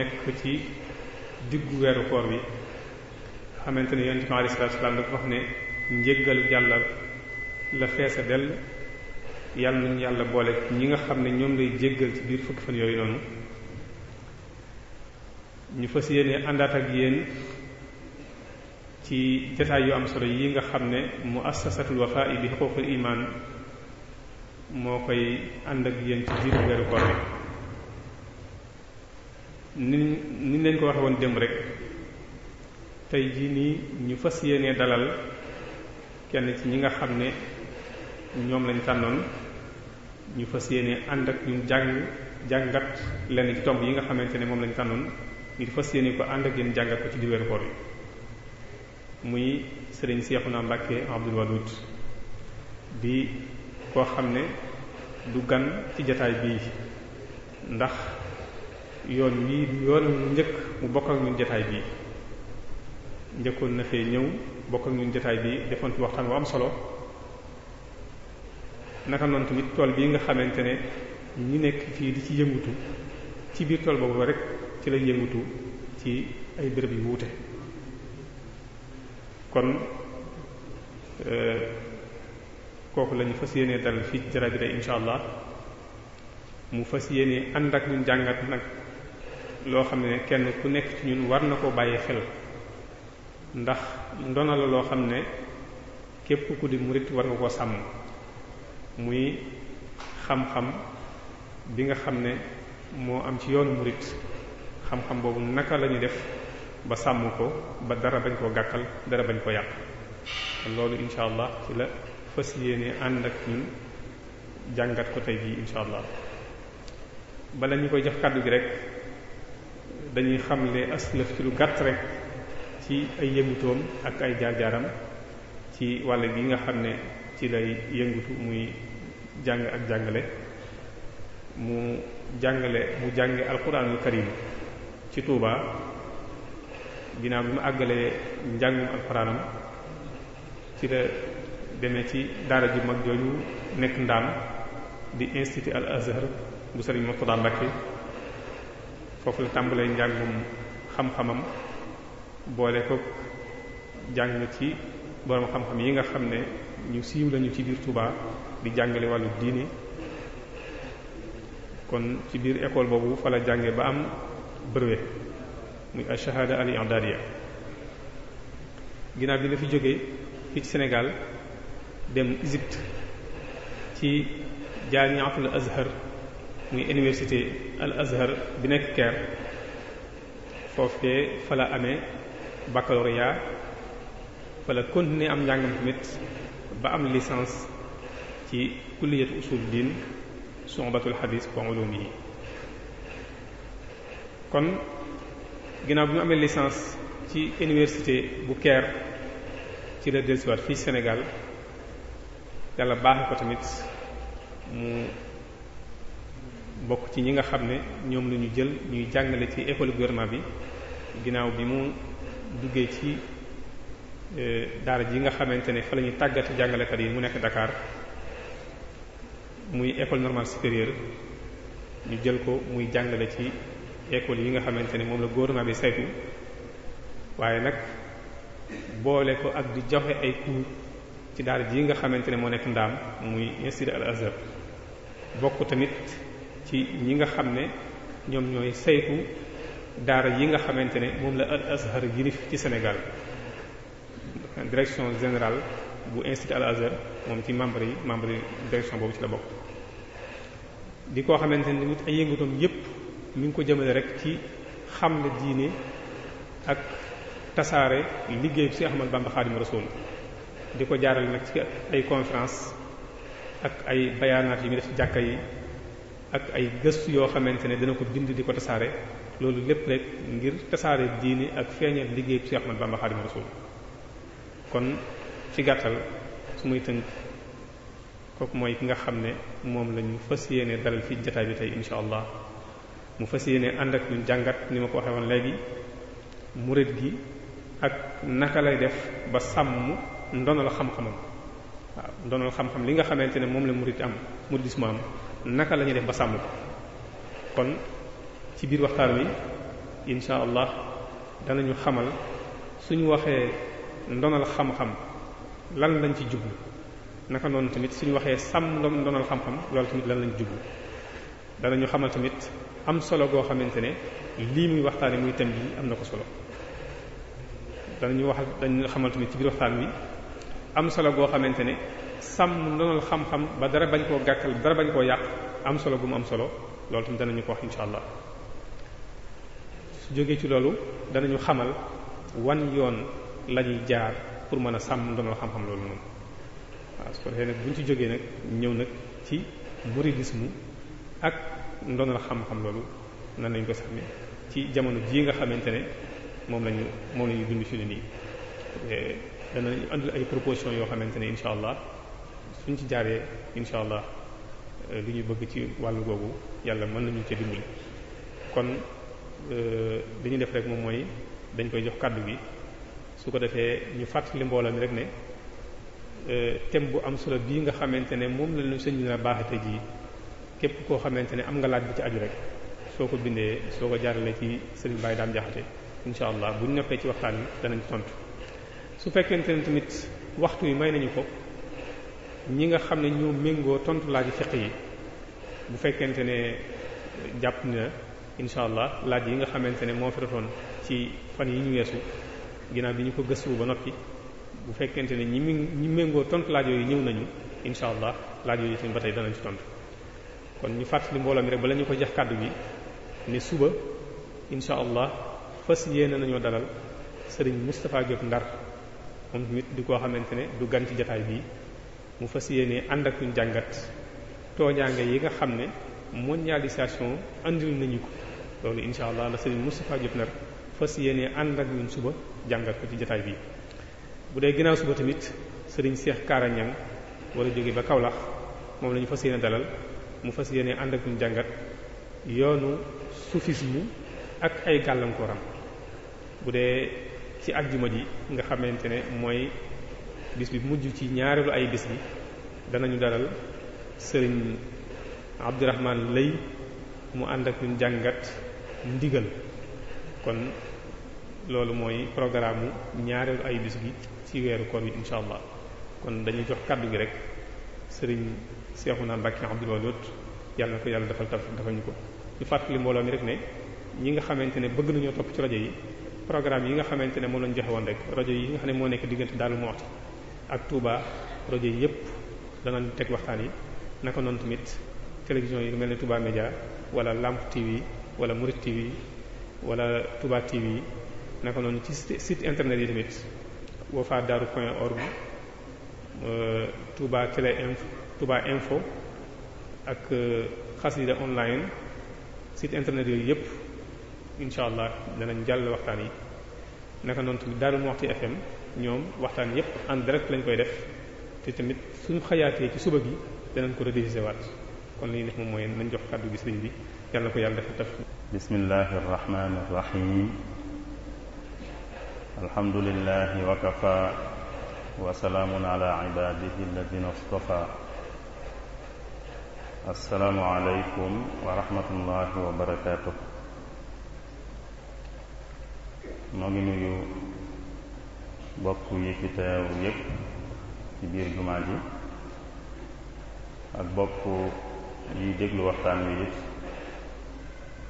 nekk ci diggu weeru koor bi xamante ne yonent bi alayhi salaatu salaam dafa wax ne njëggalu yàlla la feesa del yàlla nañu yàlla boole ñi nga xam ne ñoom lay jéggal ci biir fukki fan yooyu noonu ñu fas yéene àndaat ak yéen ci jataay yu am solo yi nga xam ne muassasatul Wafa'i bi huquqil iman moo koy ànd ak yéen ci biir weeru koor bi ni ni leen ko waxe woon démb rek tey jii nii ñu fas yéene dalal kenn ci ñi nga xam ne ñoom lañ tànnoon ñu fas yéene ànd ak ñun jàng jàngat lenn ci tomb yi nga xamante ne moom lañ tànnoon ñu fas yéene ko ànd ak yéen jàngat ko ci diweeru koor yi muy sëriñ Seexuna Mbàkke Abdul Wadud di koo xam ne du gan ci jataay bii ndax yoon wii yoon mu njëkk mu bokk ak ñun jotaay bii njëkkoon na fee ñëw bokk ak ñun jotaay bii defoon fi waxtaan wu am solo naka noonu tamit tool bii nga xamante ne ñu nekk fii di ci yëngutu ci biir tool boobu rek ci lañ yëngutu ci ay bërëb yu wuute kon euh, kooku lañu fas yéenee dal fii jara bi day insha allah mu fas yéenee ànd ak ñun jàngat nag loo xam ne kenn ku nekk ci ñun war na ko bàyyi xel ndax ndona la loo xam ne képp ku di murit war nga koo sàmm muy xam-xam bi nga xam ne moo am ci yoonu murit xam-xam boobu naka la ñu def ba sàmm ko ba dara bañ koo gàkkal dara bañ ko yàq loolu incha allah ci la fas yéene ànd ak ñun jàngat ko tey bii incha allah bala ñu koy jox kàddu gi rek dañuy xamle aslëf ci lu gàtt rek ci ay yëngutoom ak ay jaar-jaaram ci wàll gi nga xam ne ci lay yëngutu muy jàng ak jàngale mu jàngale mu jànge alquranul karim ci Touba ginnaaw bi mu àggalee njàngum alquranam ci la demee ci daara ju mag jooju nekk ndaam di institut al azhar bu Serigne Mourtada Mbacké foofu la tàmbalee njàngum xam-xamam boole ko jàng ci borom xam-xam yi nga xam ne ñu siiw lañu ci biir tubaa di jàngale wàllu diine kon ci biir école boobu fa la jànge ba am brevet muy ash-shahada al-i'dadiya ginnaaw bi la fi jógee fii ci Sénégal dem Égypte ci jaar jaamiatul Azhar muy université al azhar bi nekk Caire foofee fa la amee baccalauréat fa la continuer am njàngam tamit ba am licence ci kulliyatu usul diin su'batul hadis wa ulumi yi kon ginnaaw bi mu amee licence ci université bu ker ci la dellusiwaat fii Sénégal yàlla baaxe ko tamit mu bokk ci ñi nga xam ne ñoom la ñu jël ñuy jàngale ci école gouvernement bi ginnaaw bi mu duggee ci euh, daara ji nga xamante ne fa la ñuy tàggati jàngalekat yi mu nekk Dakar muy école normale supérieure ñu jël ko muy jàngale ci école yi nga xamante ne moom la gouvernement bi saytu waaye nag boole ko ak di joxe ay cours ci daara ji nga xamante ne moo nekk ndaam muy institut al azhar bokk tamit ci ñi nga xam ne ñoom ñooy saytu daara yi nga xamante ne moom la al azhar yilif ci Sénégal direction général bu institut al azhar moom ci membre yi membre yi direction boobu ci la bokk di koo xamante ne nit ay yëngutoom yépp mi ngi ko jëmale rek ci xam le diine ak tasaare liggéey bi si Ahmad Bamba Xaadimu di ko jaaral nag ci ay conférence ak ay bayaanaat yi mu def ci jàkka yi ak ay gëstu yoo xamante ne dina ko bind di ko tasaare loolu lépp rek ngir tasaare diini ak feeñal liggéey Cheikh Ahmad Bamba Xaadimu Rasuul kon ci gàttal su muy tënk kooku mooy ki nga xam ne moom lañu fas yéene dalal fii jataay bi tey insha allah mu fas yéene ànd ak ñu jàngat ni ma ko waxee woon léegi murid gi ak naka lay def ba sàmm ndonal xam-xamam waaw ndonal xam-xam li nga xamante ne moom la murid am muridisme am naka la ñuy def ba sàmm ko kon ci biir waxtaan wi insha allah ñu xamal suñu waxee ndonal xam-xam lan lañ ci jublu naka noonu tamit suñu waxee sàmm ndonal xam-xam loolu tamit lan lañ jublu ñu xamal tamit am solo goo xamante ne lii muy waxtaane muy thème bi am na ko solo danañu wax dañu xamal tamit ci biir waxtaan wi am solo goo xamante ne sàmm ndonal xam-xam ba dara bañ koo gàkkal dara bañ koo yàq am solo bu mu am solo loolu tam danañu ko wax insha allah su jógee ci loolu danañu xamal wan yoon lañuy jaar pour mën a sàmm ndonal xam-xam loolu noonu waaw su buñ ci jógee nag ñëw nag ci mouridisme ak ndonal xam-xam loolu nan lañ ko sàmmee ci jamono jii nga xamante ne moom lañu moom lañu dund fi ne nii eh, danañu andil ay proposition yoo xamante ne insha allah suñ ci jaaree incha allah euh, li ñu bëgg ci wàll googu yàlla mën nañu ci dimbali kon euh, li ñu def rek moom mooy dañ koy jox kàddu gi su ko defee ñu fàttali mbooloo mi rek ne euh, thème bu am solo bii nga xamante ne moom la ñu sëñ bi na baaxate ji képp koo xamante ne am nga laaj bu ci aju rek soo ko bindee soo ko jaarale ci sëriñ Baye Dame Diakhaté incha allah bu ñu noppee ci waxtaan wi danañ tontu su fekkente tamit waxtu yi may nañu ko. ñi nga xam ne ñoo méngoo tontu laaj fiq yi bu fekkente ne jàpp na incha allah laaj yi nga xamante ne moo fi ci fan yi ñu weesu ginnaaw bi ñu ko gëstu ba noppi bu fekkente ne ñi mi ñi méngoo tontu laaj yi ñëw nañu incha allah laaj yooyu tamit ba tey danañ ci tontu kon ñu fàttali mbooloo mi rek bala ñu ko jox kàddu gi ne suba incha allah fas yéene nañoo dalal sëriñ Moustapha Diop Ndar moom tamit di koo xamante ne du gan ci jotaay bii. mu fas yéene ànd ak ñu jàngat tooñaange yi nga xam ne mondialisation andil nañu ko loolu incha allah la sëriñ Moustapha Diop nar fas yéene ànd ak ñun suba jàngat ko ci jotaay bi. bu dee ginnaaw suba tamit sëriñ Cheikh Kaara Niang jóge ba Kaolack moom la fas yéene dalal mu fas yéene ànd ak ñu jàngat yoonu soufisme ak ay gàllankooram bu dee ci àjjuma ji nga xamante ne mooy. bis bi mujj ci ñaareelu ay bis bi danañu dalal sëriñ Abdourahman Lay mu ànd ak ñun jàngat ndigal kon loolu mooy programme mu ñaareelu ay bis bi ci weeru koor wi insha allah kon dañuy jox kàddu gi rek sëriñ Seexuna Mbàkke Abdul Wadoot yàlla na ko yàlla defal taf defal ñu ko ñu fàttali mbooloo mi rek ne ñi nga xamante ne bëgg nañoo topp ci rajo yi programme yi nga xamante ne moom lañ joxe woon rek rajo yi nga xam ne moo nekk diggante Darou Moukhty ak Touba projet yi yëpp danañ teg waxtaan yi naka noonu tamit télévision yi mel ne Touba Média wala Lamp TV wala Murid TV wala Touba TV naka noonu ci site internet yi tamit wafadaru point org euh, Touba télé info Touba info ak xas euh, yi xasida online site internet yooyu yëpp incha allah danañ jàll waxtaan yi naka noonu tamit Darou Moukhty FM. ñoom waxtaan yépp en direct lañ koy def te tamit suñu xayaatee ci suba gi danañ ko rediffuser waat kon li ñuy def moom mooy nañ jox kàddu gi sëriñ bi yàlla na ko yàlla defal taf bismillahi arrahmani irrahim alhamdulillahi wa kafa wa salaamun ala ibadihi alladina istafa assalaamu aleykum wa rahmatullahi wa bokk yi fi teew yépp ci biir jumaa ji ak bokk yi déglu waxtaan wi it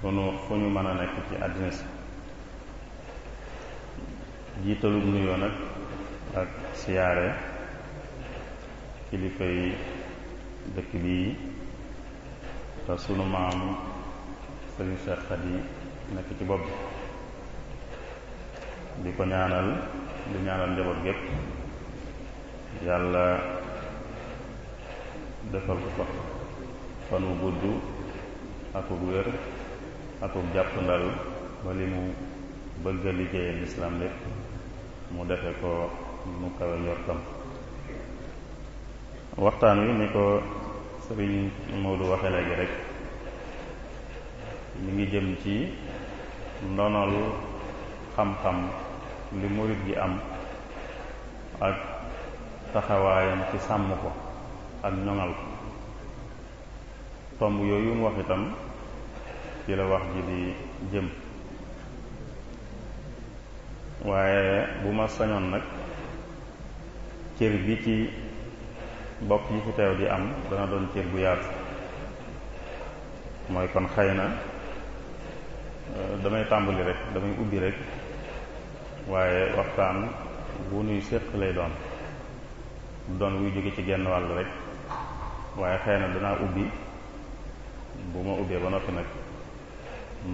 fu nu fu ñu mën a nekk ci àddina si jiitalum nuyoo nag ak siyaare kilifa yi dëkk bii te sunu maam Sëriñ Seex Xadi nekk ci bopp bi di ko ñaanal di ñaanal njaboot gépp yàlla defal ko fa fan wu gudd akuk wér akuk jàpp ndal ba mu bëgg a liggéeyal lislaam lépp mu defe ko mu kawe njortam waxtaan wi ni ko sëriñ Moodu waxe léegi rek mi ngi jëm ci ndonol xam-xam li murit gi am ak taxawaayam ci sàmm ko ak ñoŋal ko tomb yooyu mu wax itam ci la wax ji di jëm waaye bu ma sañoon nag cër bi ci bopp yi fi teew di am dana doon cër bu yaatu mooy kon xëy na eh, damay tàmbali rek damay ubbi rek waaye waxtaan bu nuy séq lay doon doon wuy jóge ci genn wàll rek waaye xëy na danaa ubbi bu ma ubbee ba noppi nag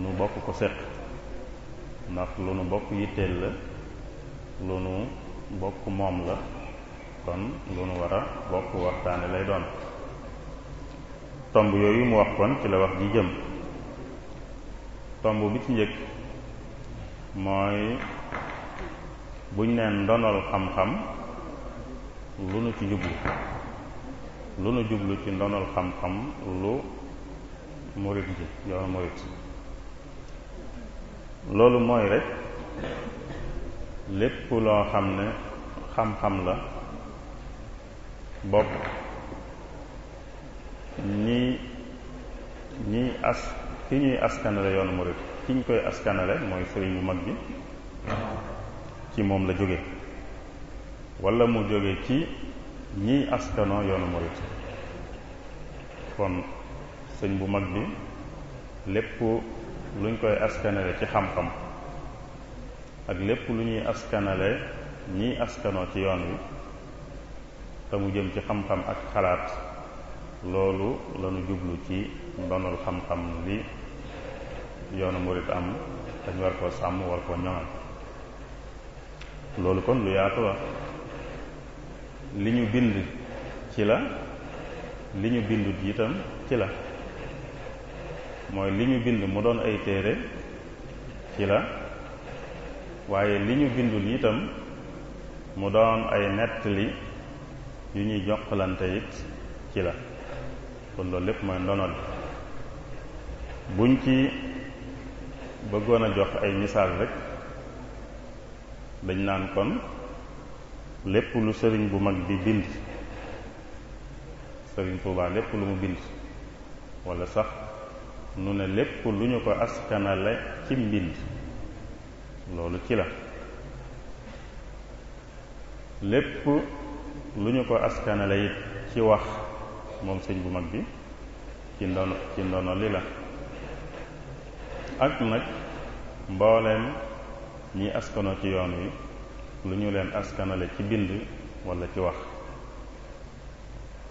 nu bokk ko séq ndax lu nu bokk yitteel la lu nu bokk moom la kon lu nu war a bokk waxtaane lay doon tomb yooyu mu wax kon ci la wax ji jëm tomb bi ci njëkk mooy buñ neen ndonol xam-xam lu nu ci jublu lu nu jublu ci ndonol xam-xam lu murit ji yoonu murit loolu mooy rek lépp loo xam ne xam-xam la bopp ñi ñiy as ki ñuy askanale yoonu murit ki ñu koy askanale mooy fëriñ bu mag bi ci moom la jóge walla mu jóge ci ñiy askano yoonu murit kon sëñ bu mag bi lépp luñ koy askanale ci xam-xam ak lépp lu ñuy askanale ñiy askano ci yoon wi te mu jëm ci xam-xam ak xalaat loolu lañu jublu ci ndonul xam-xam li yoonu murit am dañ war koo sàmm war koo ñoŋal loolu kon lu yaatu la li ñu bind ci la li ñu bindut itam ci la mooy li ñu bind mu doon ay téere ci la waaye li ñu bindul itam mu doon ay nettali yu ñuy jokkalante it ci la kon loolu lépp mooy ndonol buñ ci bëggoon a jox ay misaal rek dañ naan kon lépp lu sëriñ bu mag bi bind sëriñ Tuubaa lépp lu mu bind walla sax nu ne lépp lu ñu ko askanale ci mbind loolu ci la lépp lu ñu ko askanale it ci wax moom sëñ bu mag bi ci ndono ci ndono li la ak nag mbooleem ñi askano ci yoon wi lu ñu leen askanale ci bind wala ci wax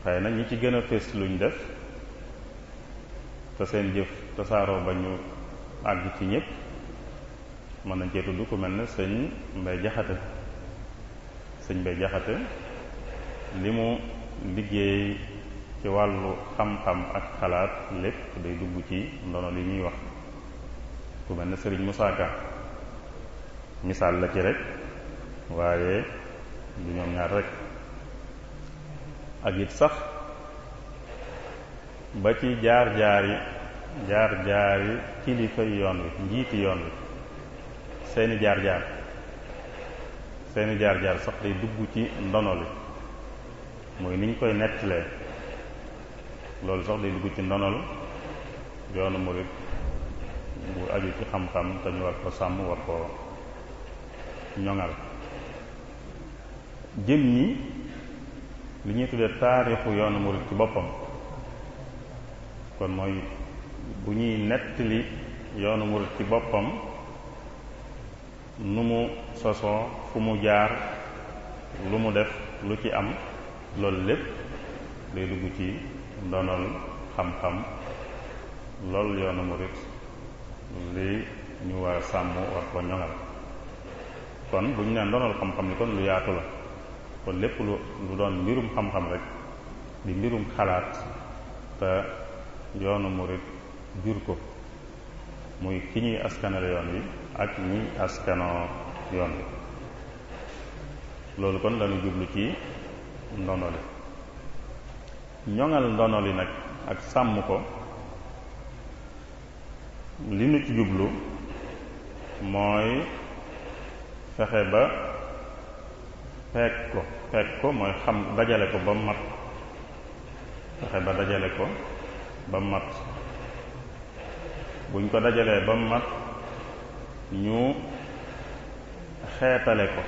xëy na ñi ci gën a fés luñ def te seen jëf tasaaroo ba ñu àgg ci ñëpp mën nañ cee tudd ku mel ne sëñ Mbay Jaxate sëñ Mbay Jaxate li mu liggéey ci wàllu xam-xam ak xalaat lépp day dugg ci ndono li ñuy wax ku mel ne sëriñ Musaa Ka misaal la ci rek waaye du ñoom ñaar rek ak it sax ba ci jaar-jaar yi jaar-jaar yi kilifa yoon wi njiiti yoon wi seeni jaar-jaar seeni jaar-jaar sax day dugg ci ndonol li mooy niñ koy nettalee loolu sax day dugg ci ndonol yoonu murid bu aju ci xam-xam te ñu war ko sàmm war ko ñoŋal jëm ni li ñuy tuddee taarixu yoonu murid ci boppam kon mooy bu ñuy nettali yoonu murid ci boppam nu mu sosoo fu mu jaar lu mu def lu ci am loolu lépp day dugg ci ndonol xam-xam loolu yoonu murid li ñu war a sàmm war ko ñoŋal kon bu ñu naan doonal xam-xam ni kon lu yaatu la kon lépp lu doon mbirum xam-xam rek di mbirum xalaat te yoonu murit jur ko muy ki ñuy askanale yoon wi ak ñiy askanoo yoon wi loolu kon lañu jublu ci ndono ñoŋal ndono li nag ak sàmm ko li nu ci jublu mooy fexe ba peeg ko peeg ko mooy xam dajale ko ba mat fexe ba dajale ko ba mat buñ ko dajalee bam mat ñu xeetale ko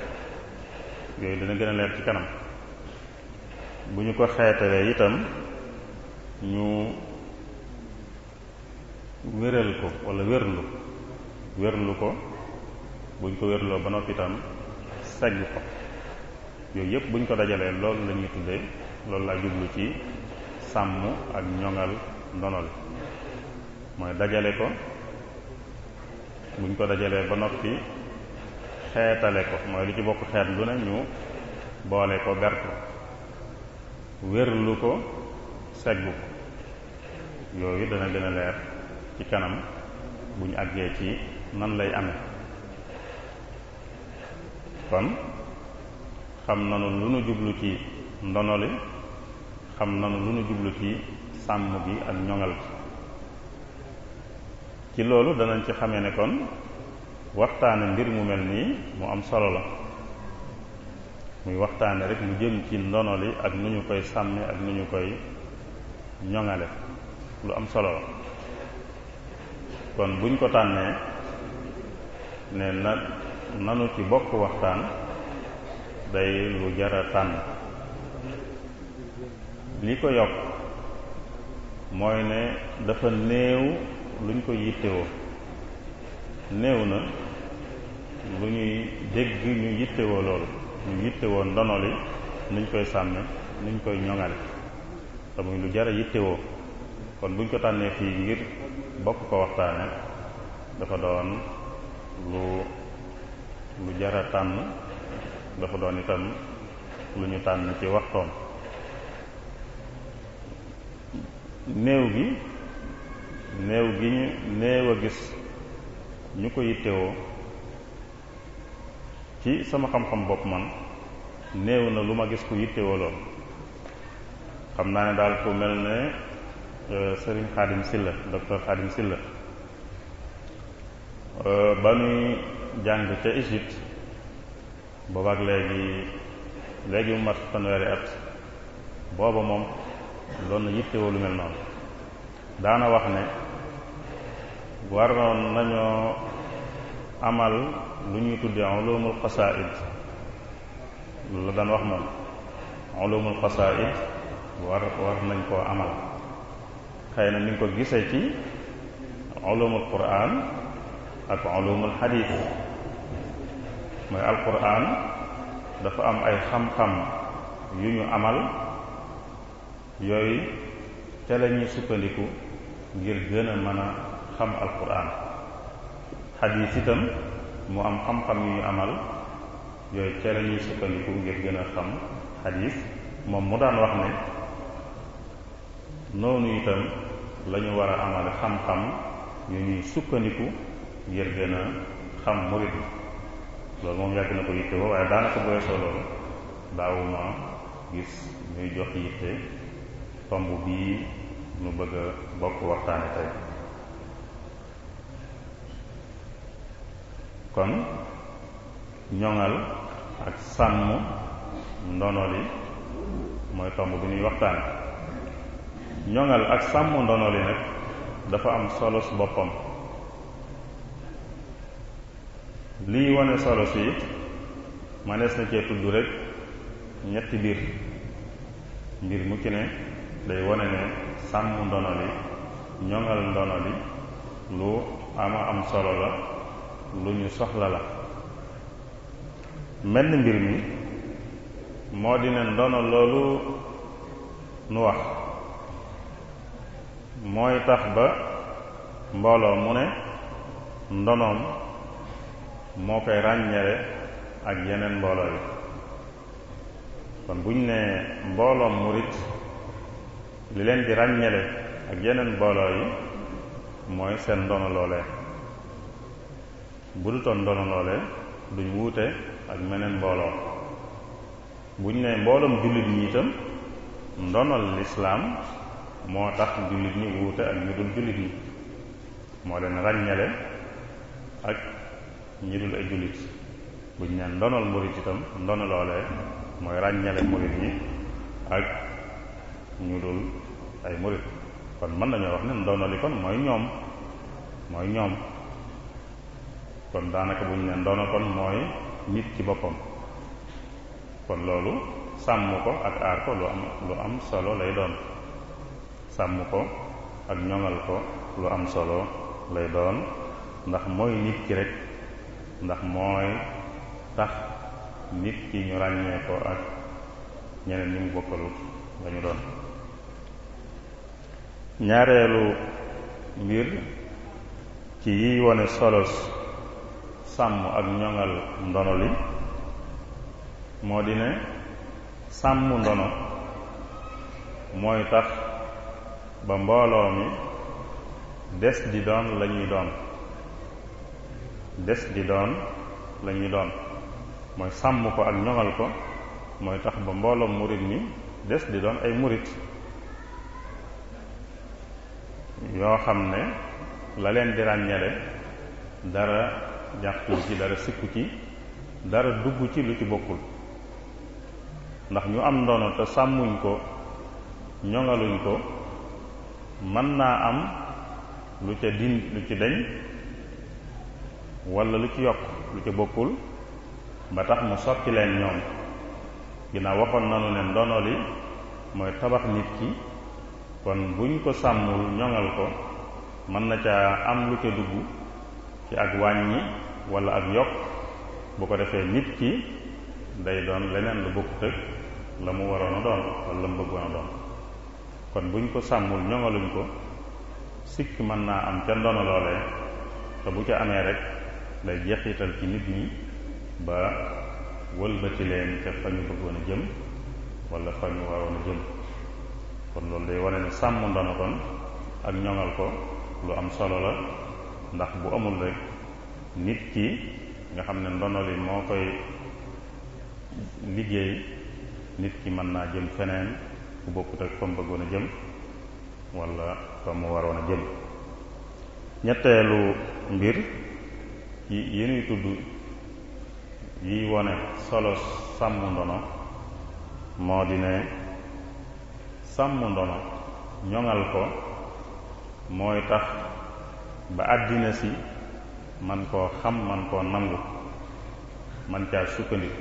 yooyu dina gën leer ci kanam bu ñu ko xeetalee itam ñu wéral ko walla wérlu wérlu ko buñ ko wérloo ba noppi itam sajj ko yooyu yëpp buñ ko dajalee loolu la ñuy tuddee loolu laa jublu ci sàmm ak ñoŋal ndonol mooy dajale ko buñ ko dajalee ba noppi xeetale ko mooy lu ci bokk xeet lu ne ñu boole ko ber wérlu ko seggu ko yooyu dana gën a leer ci kanam buñ àggee ci nan lay amee kon xam nanu lu nu jublu ci ndonoli xam nanu lu nu jublu ci sàmm gi ak ñoŋal gi ci loolu danañ ci xame ne kon waxtaane mbir mu mel nii mu am solo la muy waxtaane rek mu jëm ci ndono li ak nu ñu koy sàmme ak nu ñu koy ñoŋale lu am solo la kon buñ ko tànnee ne na nanu ci bokk waxtaan day lu jara tànn li ko yokk mooy ne dafa néew luñ ko yittewoo néew na lu ñuy dégg ñu yittewoo loolu ñu yittewoo ndono li nuñ koy sàmme nuñ koy ñoŋale te lu jara yittewoo kon buñ ko tànnee fii ngir bokk ko waxtaane dafa doon lu lu jara tànn dafa doon itam lu ñu tànn ci waxtoon néew gi néew gi ñu néew a gis ñu ko yittewoo ci sama xam-xam bopp man néew na lu ma gis ku yittewoo lool xam naa ne daal ku mel ne euh, sëriñ Xaadim Silla docteur Xaadim Silla euh, ba nuy jàng ca Égypte boobaak léegi léegi mu mat fanweeri at booba moom doon na yittewoo lu mel noonu daana wax ne waroon nañoo amal lu ñuy tudde ulumul qasaid lu la daan wax moom ulumul qasaid war war nañ koo amal xëy na ni ko gisee ci ulumul quran ak ulumul xadiis mooy alquran dafa am ay xam-xam yu ñu amal yooyu te la ñuy sukkandiku ngir gën a mën a xam alquran xadiis mu am xam yu ñu amal yooyu te la ñuy sukkandiku ngir gën a xam moom mu daan wax ne noonu itam la ñu war a amale xam-xam yu ñuy sukkandiku ngir gën a xam murid loolu moom yàgg na ko yitte woo waaye daanaka bu weesoo loolu daawuma gis ñuy jox yitte tomb bii nu bëgg bokk waxtaane tey kon ñoŋal ak sàmm ndono li mooy tomb bi ñuy waxtaane ñoŋal ak sàmm ndono li nag dafa am solo su boppam lii wane solo si manees na cee tudd rek ñetti mbir mbir mu ci ne day wane ne sàmm ndono li ñoŋal ndono li lu a am solo la lu ñu soxla la mel mbir mi moo di ne ndono loolu nu wax mooy tax ba mbooloo mu ne ndonoom moo koy ràññale ak yeneen mbooloo yi kon buñ nee mbooloom murit li leen di ràññale ak yeneen mbooloo yi mooy seen ndono loolee bu dutoon ndono loolee duñ wuute ak meneen mbooloo bu ñu nee mbooloom jullit ñi itam ndonol lislaam moo tax jullit ñi wuute ak ñu dul jullit ñi moo leen ràññale ak ñu dul ay jullit bu ñu neen ndonal murit itam ndono loolee mooy ràññale murit yi ak ñu dul ay murit kon mën nañoo wax ne ndono li kon mooy ñoom mooy ñoom kon daanaka bu ñu neen ndono kon mooy nit ci boppam kon loolu sàmm ko ak aar ko lu am lu am solo lay doon sàmm ko ak ñoŋal ko lu am solo lay doon ndax mooy nit ci rek ndax mooy tax nit ki ràññee ko ak ñeneen ñi mu bokkalu la doon ñaareelu mbir ci yiy wone solos sàmm ak ñoŋal ndono li moo di ne sàmm ndono mooy tax ba mbooloo mi des di doon lañuy doon des di doon lañuy doon mooy sàmm ko ak ñoŋal ko mooy tax ba mbooloom murit mi des di doon ay murit yoo xam ne la leen di ràññale dara jàqu ci dara sikku ci dara dugg ci lu ci bokkul ndax ñu am ndono te sàmmuñ ko ñoŋaluñ ko mën naa am lu ca din lu ci deñ wala lu ci yokk lu ci bokkul ba tax mu soppi leen ñoom dinaa waxoon nanu ne ndono li mooy tabax nit ki kon buñ ko sàmmul ñoŋal ko mën na ca am lu ca dugg ci ak wàññi wala ak yokk bu ko defee nit ki day doon leneen lu bokkut la mu waroon a doon wala mu bëggoon a doon kon buñ ko sàmmul ñoŋaluñ ko sikk mën naa am ca ndono te bu ca amee rek lay jeexital ci nit ñi ba wëlbati leen ca fa ñu bëggoon a jëm wala fa ñu waroon jëm kon loolu day wane ne sàmm ndono kon ak ñoŋal ko lu am solo la ndax bu amul rek nit ki nga xam ne ndono li moo koy liggéey nit ki mën naa jëm feneen bu bokkut ak fa mu bëggoon a jëm wala fa mu waroon a jëm ñetteelu mbir yi ñuy tudd yiy wone solo sàmm ndono moo di ne sàmm ndono ñoŋal ko mooy tax ba àddina si man koo xam man koo nangu man caa sukkandiku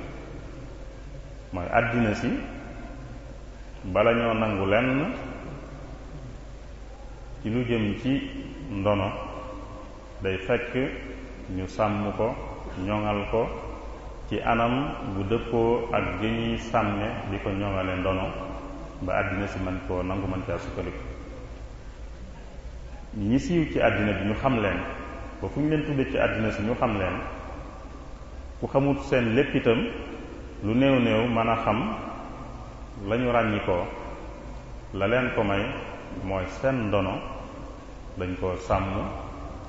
mooy àddina si bala ñoo nangu lenn ci lu jëm ci ndono day fekk ñu sàmm ko ñoŋal ko ci anam bu dëppoo ak gi ñuy sàmme di ko ñoŋale ndono ba àddina si mën koo nangu man caa sukkandiku ñi siiw ci àddina bi ñu xam leen ba fu ñu leen tuddee ci àddina si ñu xam leen ku xamut seen lépp itam lu néew néew mën a xam lañu ñu ràññikoo la leen ko may mooy seen ndono dañ ko sàmm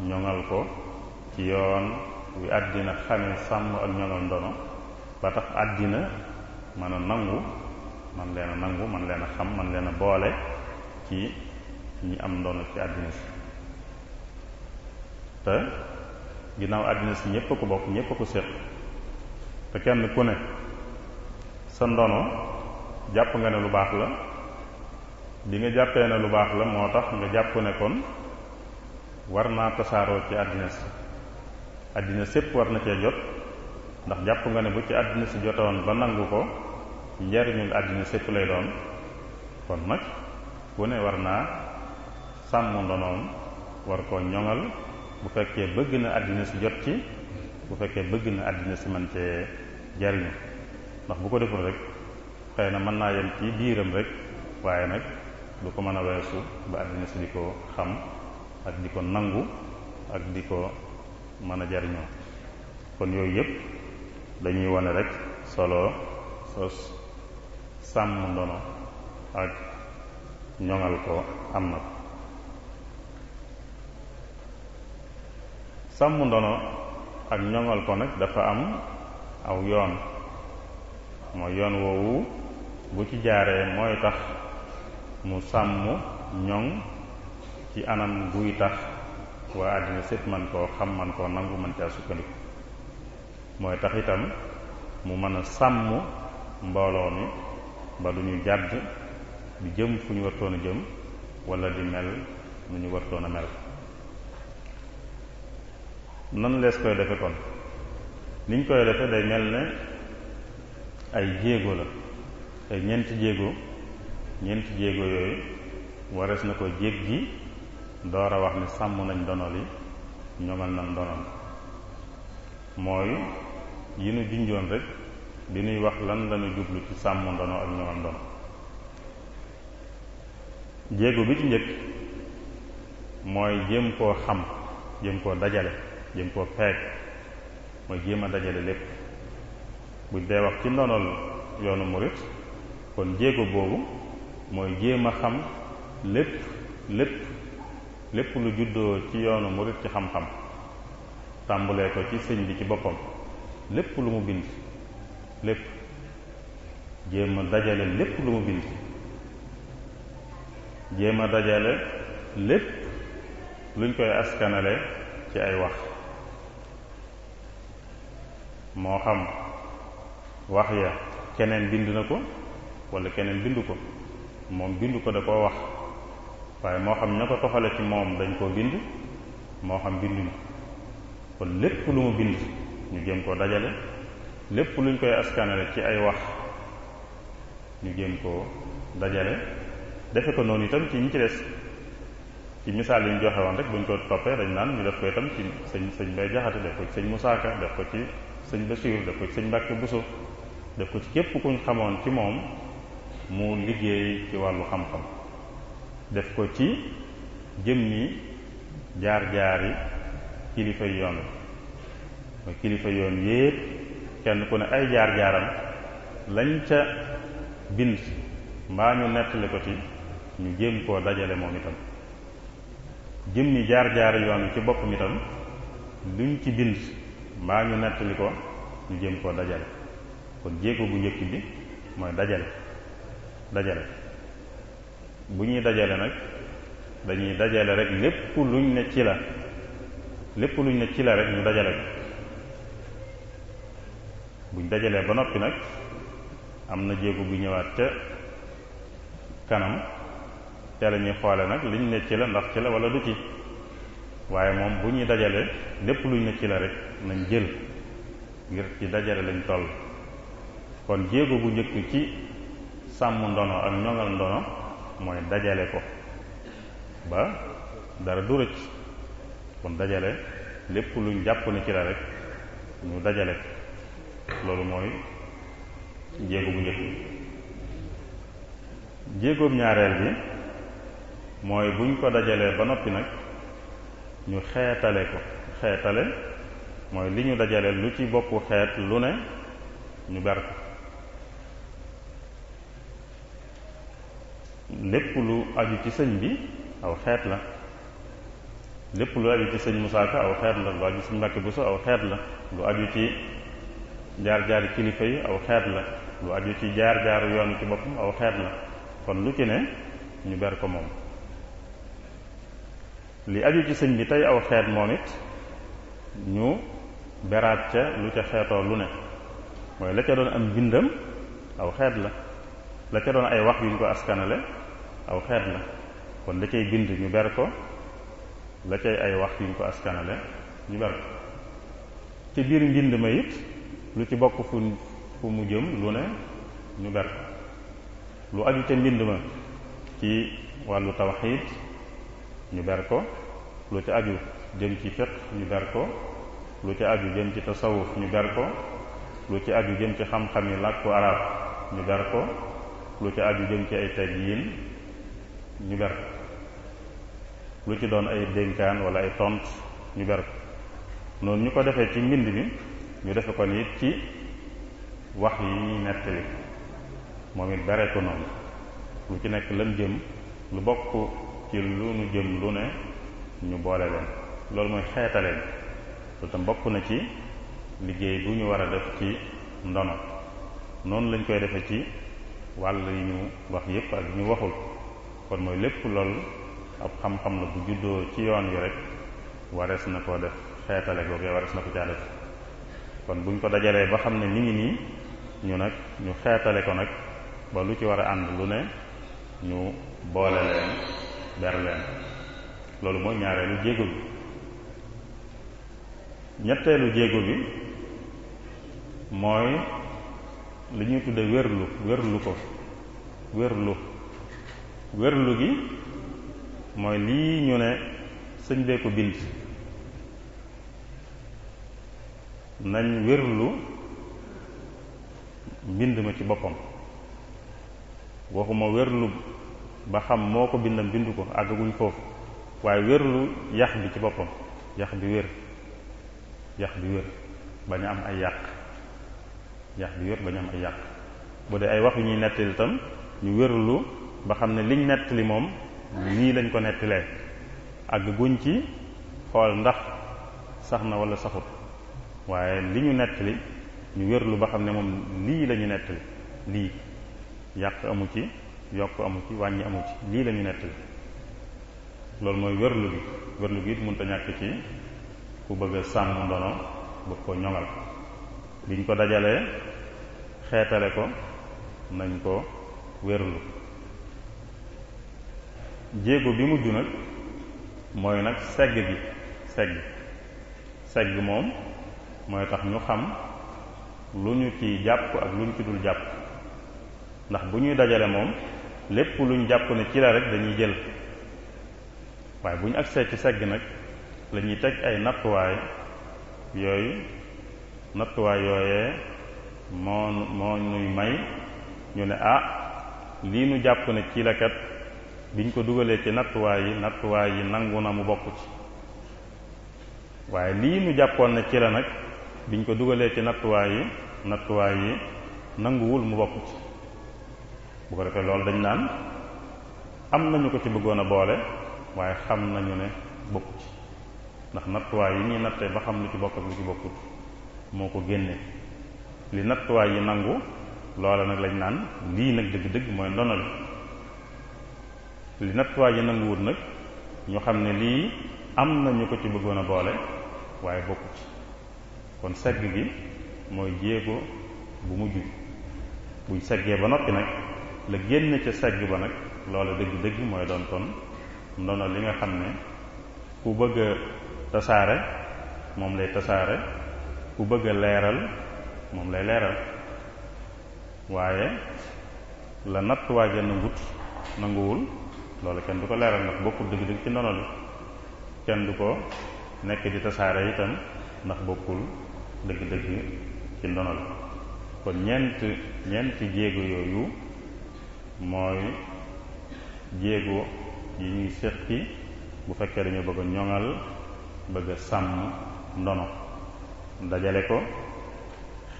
ñoŋal ko ci yoon wi àddina xamee sàmm ak ñoŋal ndono ba tax àddina mën a nangu man leen a nangu man leen a xam man leen a boole ci ñi am ndono ci àddina si te ginnaaw àddina si ñépp a ko bokk ñépp a ko séq te kenn ku ne sa ndono jàpp nga ne lu baax la bi nga jàppee ne lu baax la moo tax nga jàpp nekkoon war naa tasaaroo ci àddina si àddina sépp war na cee jot ndax jàpp nga ne bu ci àddina si jotoon ba nangu ko njariñul àddina sépp lay doon kon nag bu ne war naa sàmm ndonoom war koo ñoŋal bu fekkee bëgg na àddina si jot ci bu fekkee bëgg na àddina si man cee jariñu ndax bu ko deful rek xëy na mën naa yem ci biiram rek waaye nag du ko mën a weesu ba àddina si di ko xam ak di ko nangu ak di ko mën a jariñoo kon yooyu yëpp dañuy wane rek solo sos sàmm ndono ak ñoŋal ko am na ko sàmm ndono ak ñoŋal ko nag dafa am aw yoon mooy yoon woowu bu ci jaaree mooy tax mu sàmm ñoŋ ci anam guy tax waa àddina sépp man koo xam man koo nangu man caa sukkandiku mooy tax itam mu mën a sàmm mbooloo mi ba du ñu jàdd di jëm fu ñu wartoon a jëm wala di mel nu ñu wartoon a mel nan lees koy defe kon niñ koy defe day mel ne ay jéego la ay ñeenti jéego ñeenti jéego yooyu warees na ko jéeg jéggi door a wax ni sàmm nañ ndono li ñoŋal nañ ndonoon mooy yi nu junjoon rek bi nuy wax lan lañu jublu ci sàmm ndono ak ñoŋal ndono jéego bi ci njëkk mooy jéem koo xam jéem koo dajale jéem koo peeg mooy jéem a dajale lépp bu dee wax ci ndonol yoonu murit kon jéego boobu mooy jéem a xam lépp lépp lépp lu juddoo ci yoonu murit ci xam-xam tàmbulee ko ci sëñ bi ci boppam lépp lu mu bind lépp jéem a dajale lépp lu mu bind jéem a dajale lépp luñ koy askanale ci ay wax moo xam wax ya keneen bind na ko wala keneen bindu ko moom bindu ko da koo wax waaye moo xam ña ko toxale ci moom dañ koo bind moo xam binduñu kon lépp lu mu bind ñu jéem koo dajale lépp luñ koy askanale ci ay wax ñu jéem koo dajale defe ko noonu itam ci ñu ci des ci misaal yuñ ñu joxe woon rek buñ ko toppee dañ naan ñu def ko itam ci sëñ sëñ bay jaxate def ko ci sëñ musaaka def ko ci sëñ basiir def ko ci sëñ mbàkke buso def ko ci képp kuñ xamoon ci moom mu liggéey ci wàllu xam-xam def ko ci yi jaar-jaari kilifa yoon mooy kilifa yoon yépp kenn ku ne ay jaar-jaaram lañ ca bind mbaa ñu nettali ko ci ñu jéem koo dajale moom itam jëmmi jaar-jaari yoon ci boppam itam luñ ci bind mbaa ñu nettali ko ñu jéem koo dajale kon jéego bu njëkk bi mooy dajale dajale bu ñuy dajalee nag dañuy dajale rek lépp luñ ne ci la lépp luñ ne ci la rek ñu dajale ko buñ dajalee ba noppi nag am na jéego bu ñëwaat ca kanam ca la ñuy xoole nag liñ ne ci la ndax ci la wala du ci waaye moom bu ñuy dajale lépp luñ ne ci la rek nañ jël ngir ci dajale lañ toll kon jéego bu njëkk ci sàmm ndono ak ñoŋal ndono mooy dajale ko ba dara du rëcc kon dajale lépp luñ jàpp ne ci la rek ñu dajale ko loolu mooy jéego bu njëkk jéegoob ñaareel bi mooy buñ ko dajalee ba noppi nag ñu xeetale ko xeetale mooy li ñu dajale lu ci bokku xeet lu ne ñu ber lépp lu aju ci sëñ bi aw xeet la lépp lu aju ci sëñ Musaa aw xeet la lu aju ci bu so aw xeet la lu aju ci jaar-jaari kilifa yi aw xeet la lu aju ci jaar-jaaru yoon ci boppam aw xeet la kon lu ci ne ñu ber ko moom li aju ci sëñ tey aw xeet moom ñu beraat ca lu ca xeetoo lu ne mooy la ca doon am bindam aw xeet la la ca doon ay wax yu ñu ko askanale aw xeet la kon la cay bind ñu ber ko la cay ay wax yuñ ko askanale ñu ber ko ci biir mbind ma it lu ci bokk fu fu mu jëm lu ne ñu ber ko lu aju ca mbind ma ci wàllu tawxiid ñu ber ko lu ci aju jëm ci fiq ñu ber ko lu ci aju jëm ci tasawuf ñu ber ko lu ci aju jëm ci xam-xam yi làkku arab ñu ber ko lu ci aju jëm ci ay teggiin ñu ber lu ci doon ay dénkaan wala ay tont ñu ber ko noonu ñu ko defee ci mbind mi ñu defe ko nit ci wax yi ñuy nettali moom it bare ko noonu lu ci nekk lan jëm lu bokk ci lu nu jëm lu ne ñu boole leen loolu mooy xeetaleen lu tam bokk na ci liggéey bu ñu war a def ci ndono noonu lañ koy defe ci wàll yi ñu wax yépp ak ñu waxul kon mooy lépp lool ab xam-xam la bu juddoo ci yoon wi rek warees na koo def xeetale googee warees na ko caa def kon buñ ko dajalee ba xam ne mi ngi nii ñu nag ñu xeetale ko nag ba lu ci war a ànd lu ne ñu boole leen ber leen loolu mooy ñaareelu jéego bi ñetteelu jéego bi mooy li ñuy tudde wérlu wérlu ko wérlu wérlu gi mooy lii ñu ne sëñ bee ko bind nañ wérlu mbind ma ci boppam waxuma wérlu ba xam moo ko bindam bindu ko àggaguñ foofu waaye wérlu yax bi ci boppam yax bi wér yax bi wér bañ am ay yàq yax bi wér bañ am ay yàq bu dee ay wax yu ñuy nettali itam ñu wérlu ba xam ne liñ nettali moom nii lañ ko nettalee ak guñ ci xool ndax sax na wala saxut waaye li ñu nettali ñu wérlu ba xam ne moom lii la ñu nettali lii yàq amu ci yokk amu ci wàññi amu ci lii la ñu nettali loolu mooy wérlu gi wérlu gi it mënut ñàkk ci ku bëgg a sàmm ndono bëgg ko ñoŋal liñ ko dajalee xeetale ko nañ ko wérlu jéego bi mujj nag mooy nag segg gi segg segg moom mooy tax ñu xam lu ñu ci jàpp ak lu ñu ci jàpp ndax bu ñuy dajale moom lépp luñ jàpp ne ci la rek dañuy jël waaye bu ñu agsee ci segg nag lañuy teg ay nattuwaay yooyu nattuwaay yooyee moo moo ñuy may ñu ne ah lii nu jàpp ne ci la kat biñ ko dugalee ci nattuwaay yi nattuwaay yi nangu na mu bokk ci waaye lii nu jàppoon na ci la nag biñ ko dugalee ci nattuwaay yi nattuwaay yi nanguwul mu bokk ci bu ko defee loolu dañ naan am nañu ko ci bëggoon a boole waaye xam nañu ne bokk ci ndax nattuwaay yi ñuy nattee ba xam lu ci bokk ak ci bokkut moo ko génnee li nattuwaay yi nangu loola nag lañ naan lii nag dëgg-dëgg mooy ndonali li nattuwaay yi nanguwut nag ñu xam ne lii am na ñu ko ci bëggoon a boole waaye bokku kon segg gi mooy jéego bu mujj buñ seggee ba noppi nag la génn ca segg ba nag loola dëgg-dëgg mooy doon kon ndono li nga xam ne ku bëgg tasaare moom lay tasaare ku bëgg leeral moom lay leeral waaye la nattuwaay ja nangut nanguwul loole kenn du ko leeral ndax bokkul dëgg-dëgg ci ndono li kenn du ko nekk di tasaare itam ndax bokkul dëgg-dëgg ci ndono li kon ñeent ñeenti jéego yooyu mooy jéego yi ñuy séqi bu fekkee dañu bëgg a ñoŋal bëgg a sàmm ndono dajale ko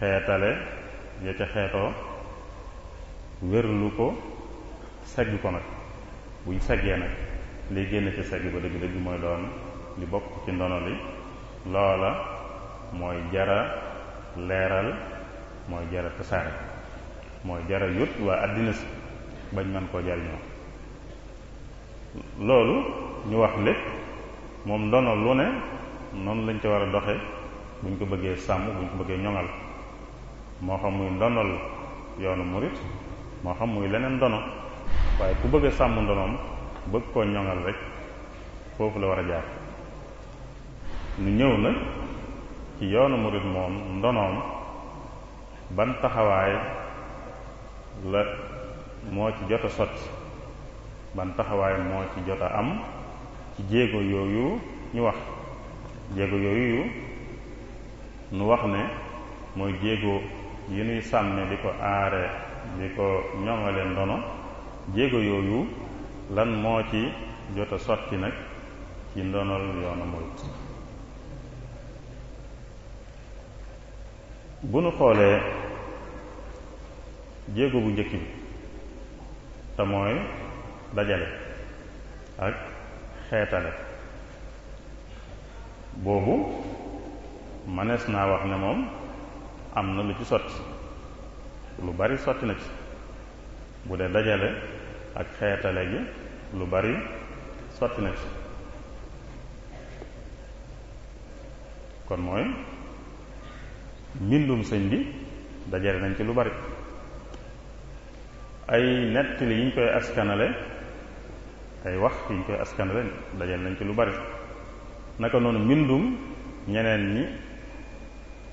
xeetale ya ca xeetoo wérlu ko segg ko nag buñ segee nag liy génn ci segg ba dëgg-dëgg mooy doon li bokk ci ndono li loola mooy jara leeral mooy jara tasaare mooy jara yut waa àddina si bañ man koo jariñoo loolu ñu wax lépp moom ndono lu ne noonu lañ ca war a doxe buñ ko bëggee sàmm buñ ko bëggee ñoŋal moo xam muy ndonol yoonu murit moo xam muy leneen ndono waaye ku bëgg sàmm ndonoom bëgg koo ñoŋal rekk foofu la war a jaar lu ñëw nag ci yoonu murit moom ndonoom ban taxawaay la moo ci jot a sotti ban taxawaay moo ci jot a am ci jéego yooyu ñu wax jéego yooyu nu wax ne mooy jéego yi nuy sàmme di ko aare di ko ñoŋale ndono jéego yooyu lan moo ci jot a sotti nag ci ndonal yoonu murit bu nu xoolee jéego bu njëkk bi te mooy dajale ak xeetale boobu mënees naa wax ne moom am na lu ci sotti lu bari sotti na ci bu dee dajale ak xeetale gi lu bari sotti na ci kon mooy mbindum sëñ bi dajale nañ ci lu bari ay nettali yi ñu koy askanale ay wax yi ñu koy askanale dajale nañ ci lu bari naka noonu mbindum ñeneen ñi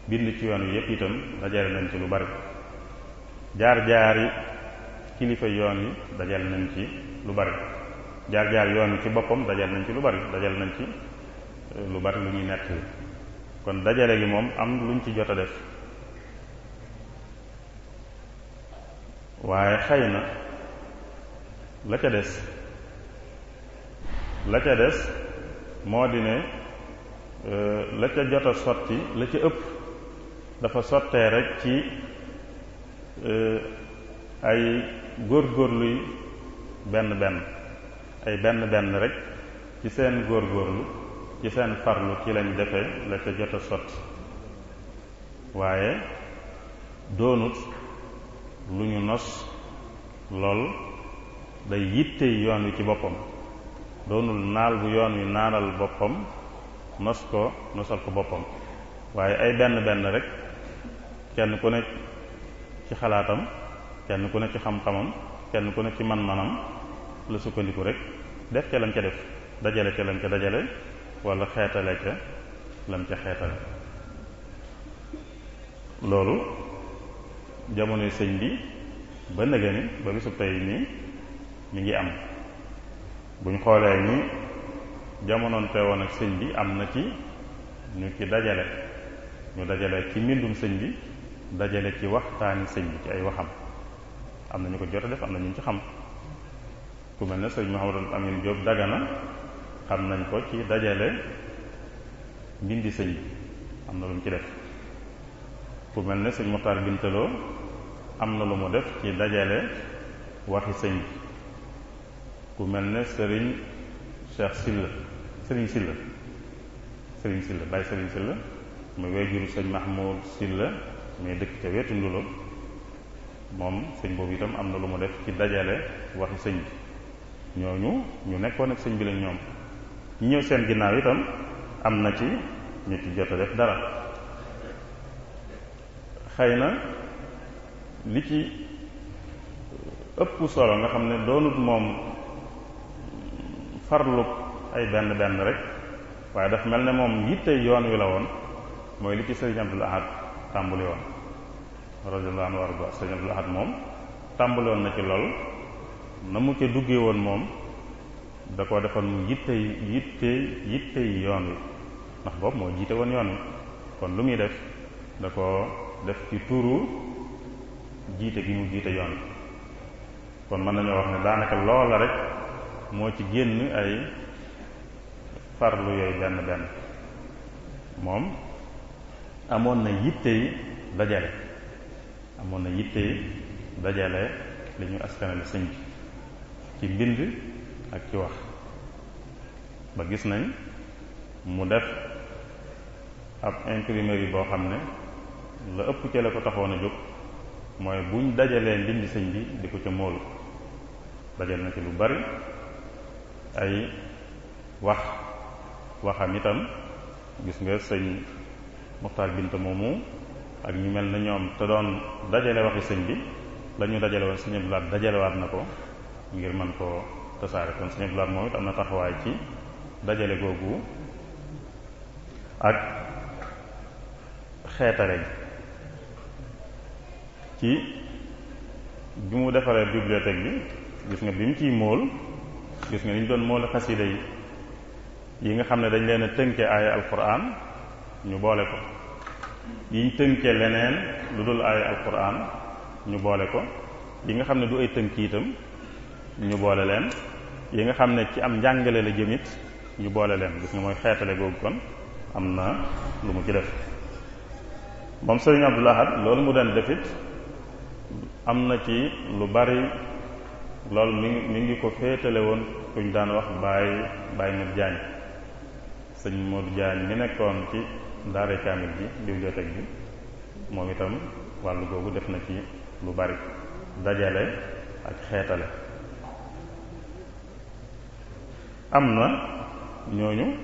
bind ci yoon wi yépp itam dajale nañ ci lu bari jaar-jaar yi kilifa yoon yi dajal nañ ci lu bari jaar-jaar yoon yi ci boppam dajal nañ ci lu bari dajal nañ ci euh, lu bari lu ñuy nett kon dajale gi moom am luñ ci jot a def waaye xëy na la ca des la ca des moo di ne euh, la ca jot a sotti la ca ëpp dafa sottee rek ci euh, ay góor yi benn benn ay benn benn rekk ci seen góor góorgóorlu ci seen farlu ci lañ defee la ca jot a waaye doonut lu ñu nos lool day yitte yoon wi ci boppam doonul naal bu yoon wi naanal boppam nos ko nosal ko boppam waaye ay benn benn rekk kenn ku nekk ci xalaatam kenn ku ne ci xam-xamam kenn ku ne ci man-manam la sukkandiku rek def ca lam ca def dajale ca lam ca dajale wala xeetale ca lam ca xeetale loolu jamonoy sëñ bi ba nëgëni ba bisub tey nii mi ngi am buñ xoolee ni jamonoonte woon ak sëñ bi am na ci ñu ci dajale ñu dajale ci mbindum sëñ bi dajale ci waxtaani sëñ bi ci ay waxam am na ñu ko jot a def am na ñu ci xam ku mel ne sëñ Mouhamadou Amine Diop Dagana xam nañ ko ci dajale mbindi sëñ bi am na lu mu ci def ku mel ne sëñ Moxtaar Bintaloo am na lu mu def ci dajale waxi sëñ bi ku mel ne sëriñ Cheikh Silla sëriñ Silla sëriñ Silla bàyyi sëriñ Silla muy wéyjuru sëñ Mahmoud Silla muy dëkk ca wetu Ndulo moom sëñ boobu itam am na lu ma def ci dajale waxi sëñ bi ñooñu ñu nekkoon ak sëñ bi lañ ñoom ñu ñëw seen ginnaaw itam am na ci ñu ci jot a def dara xëy na li ci ëpp solo nga xam ne doonut moom farlu ay benn benn rek waaye daf mel ne moom yitte yoon wi la woon mooy li ci sëriñ la Ahad tàmbuli woon radiyallahu anhu ba sëñ Abdul Ahad moom tàmbaloon na ci lool na mu ca duggee woon moom da koo defoon mu yitte yitte yitte yoon wi ndax boobu moo jiite woon yoon wi kon lu muy def da ko def ci turu jiite gi mu jiite yoon wi kon mën nañoo wax ne daanaka loola rek moo ci génn ay farlu yooyu benn benn moom amoon na yitte dajale amoon na yittee dajale li ñu askanale sëñ bi ci mbind ak ci wax ba gis nañ mu def ab imprimerie boo xam ne la ëpp cële la ko taxoon a jóg mooy buñ dajalee mbind sëñ bi di ko ca moolu dajal na ci lu bari ay wax waxam itam gis nga sëñ Muxtaar Binta moomu ak ñu mel na ñoom te doon dajale waxi sëñ bi la dajale woon sëñ Abdulaat dajalewaat na ko ngir mën koo tasaare kon sëñ Abdulaat moom it am na taxawaay ci dajale googu ak xeetare ci bi mu defaree bibliothèque bi gis nga bi mu ciy móol gis nga ni ñu doon móolu xasida yi yi nga xam ne dañ leen a tënke aaya alquran ñu boole ko yiñ tënkee leneen lu dul ay alquran ñu boole ko yi nga xam ne du ay tënk itam ñu boole leen yi nga xam ne ci am njàngale la jëmit ñu boole leen gis nga mooy xeetale googu kon am na lu mu ci def moom sëriñ Abdul Ahad loolu mu daan defit am na ci lu bari loolu mi ngi mi ngi ko féetale woon kuñ daan wax baay Baye Modou Diagne sëñ Modou Diagne mi nekkoon ci daara kaamil ji bibliothèque bi moom itam wàll googu def na ci lu bari dajale ak xeetale am na ñooñu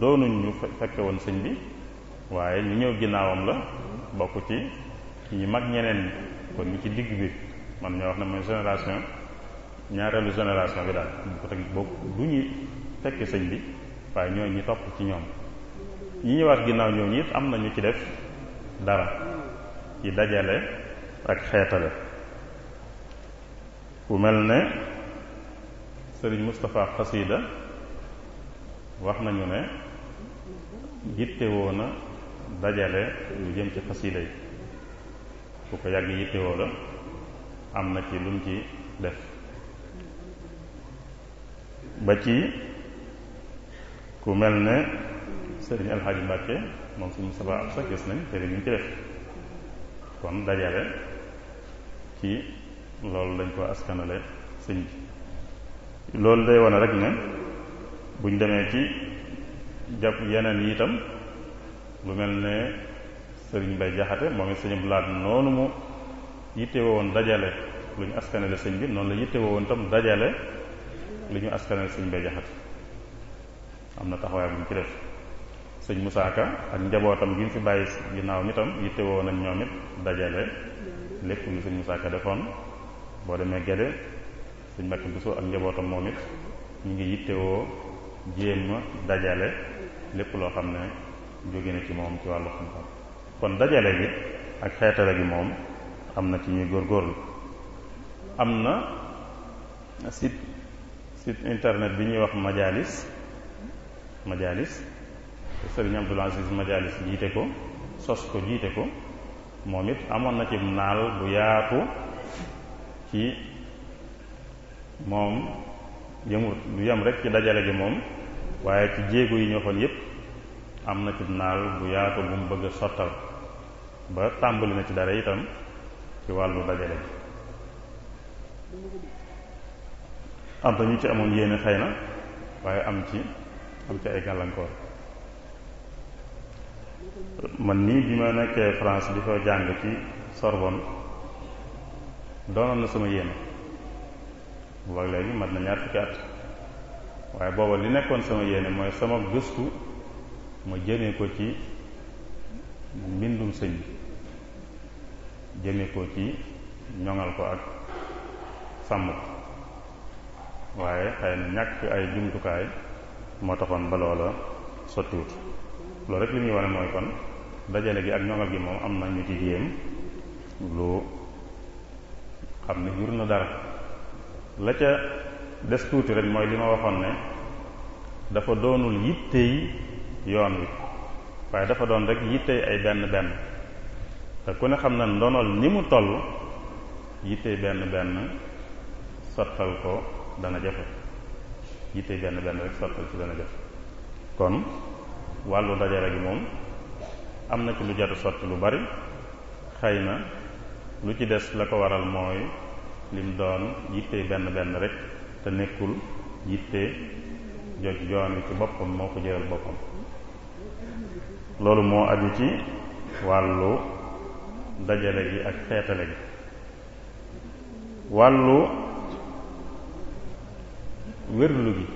doonuñ ñu fekke woon sëñ bi waaye ñu ñëw ginnaawam la bokk ci ñi mag ñeneen ñi kon ñi ci digg bi man ñoo wax ne mooy génération ñaareelu génération bi daal bu ko teg bokk du ñu fekke sëñ bi waaye ñoo ñi topp ci ñoom ñi ñëwaat ginnaaw ñooñu it am nañu ci def dara ci dajale ak xeetale ku mel ne sëriñ Moustapha Xasida wax nañu ne yittewoo na dajale lu jëm ci xasida yi ku ko yàgg yittewoo la am na ci lum ci def ba ci ku mel ne sëriñ Alxaaji Mbàkke moom suñu sabaa ab sax gis nañ tëri ñu ci def dajale ci loolu lañ ko askanale sëñ bi loolu day wane rek ne buñ demee ci jàpp yeneen yi itam lu mel ne sëriñ Bay Jaxate moom it sëñu laat noonu mu yitte woon dajale lu ñu askanale sëñ bi noonu la yitte woon itam dajale lu ñu askanale sëñ Bay Jaxate am na taxawaay bu ñu ci def sëñ Moussa Ka ak njabootam gi mu fi bàyyi ginnaaw nitam yittewoo nañ ñoom it dajale lépp lu sëñ Moussa defoon boo demee suñ sëñ Mbacke Bousso ak njabootam moom it ñu ngi yittewoo jéem a dajale lépp loo xam ne jóge na ci moom ci wàllu xam-xam kon dajale bi ak xeetale gi moom am na ci ñuy góorgóorlu am na site sit internet bi ñuy wax majalis majalis sëriñ Abdul Aziz Majalis jiite ko sos ko jiite ko moom it amoon na ci naal bu yaatu ci moom yëmul du yam rek ci dajale bi moom waaye ci jéego yi ñu waxoon yépp am na ci naal bu yaatu bu mu bëgg a sottal ba tàmbali na ci dara itam ci wàllu dajale gi am na ñu ci amoon yéene xëy na waaye am ci am ci ay gàllankoor man nii bi ma nekkee France di fa jàng ci Sorbonne doonoon na sama yéene boobaak léegi mat na ñaar fukki at waaye booba li nekkoon sama yéene mooy sama gëstu ma jëmee ko ci mbindum sëñ bi ko ci ñoŋal ko ak sàmm ko waaye xëy na ñàkk ay jumtukaay moo taxoon ba sottiwut loolu rek li muy wane mooy kon dajale gi ak ñoŋal gi moom am na ñu ci yéem lu xam ne jur na dara la ca des tuuti rek mooy li ma waxoon ne dafa doonul yittey yoon wi waaye dafa doon rek yittey ay benn benn te ku ne xam na ndonol ni mu toll yittey benn benn sottal ko dana jafe yittey benn benn rek sottal ci dana jafe kon wàllu dajale gi moom am na ci lu jar sotti lu bari xëy na lu ci des la ko waral mooy lim doon yitte benn benn rek te nekkul yitte joj yoon ci boppam moo ko jëral boppam loolu moo aju ci wàllu dajale gi ak xeetale gi wàllu wérlu gi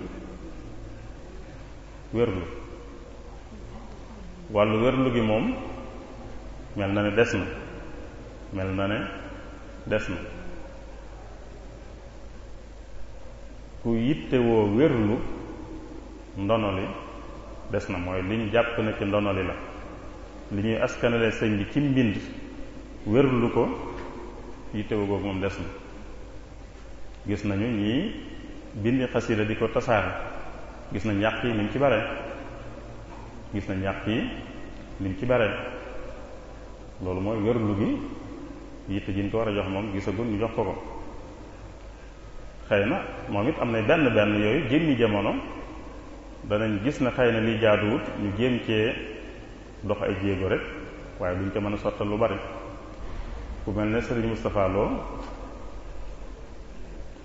wérlu wàllu wérlu gi moom mel na ne des na mel na ne des na ku yittewoo wérlu ndono li des na mooy li jàpp na ci ndono li la li ñuy askanale sëñ bi ci mbind wérlu ko yittewoo googu moom des na gis nañu ñii bindi xasida di ko tasaare gis nañ yàq yi niñ ci bare gis nañ yàq yi lim ci bare loolu mooy wérlu gi yitte jiñ ko war a jox moom gisagul ñu jox ko ko xëy na moom it am na benn benn yooyu jëmmi jamono danañ gis na xëy na liy jaaduwut ñu jéem cee dox ay jéego rek waaye duñ ko mën a sottal lu bari ku mel ne Serigne Moustapha Lo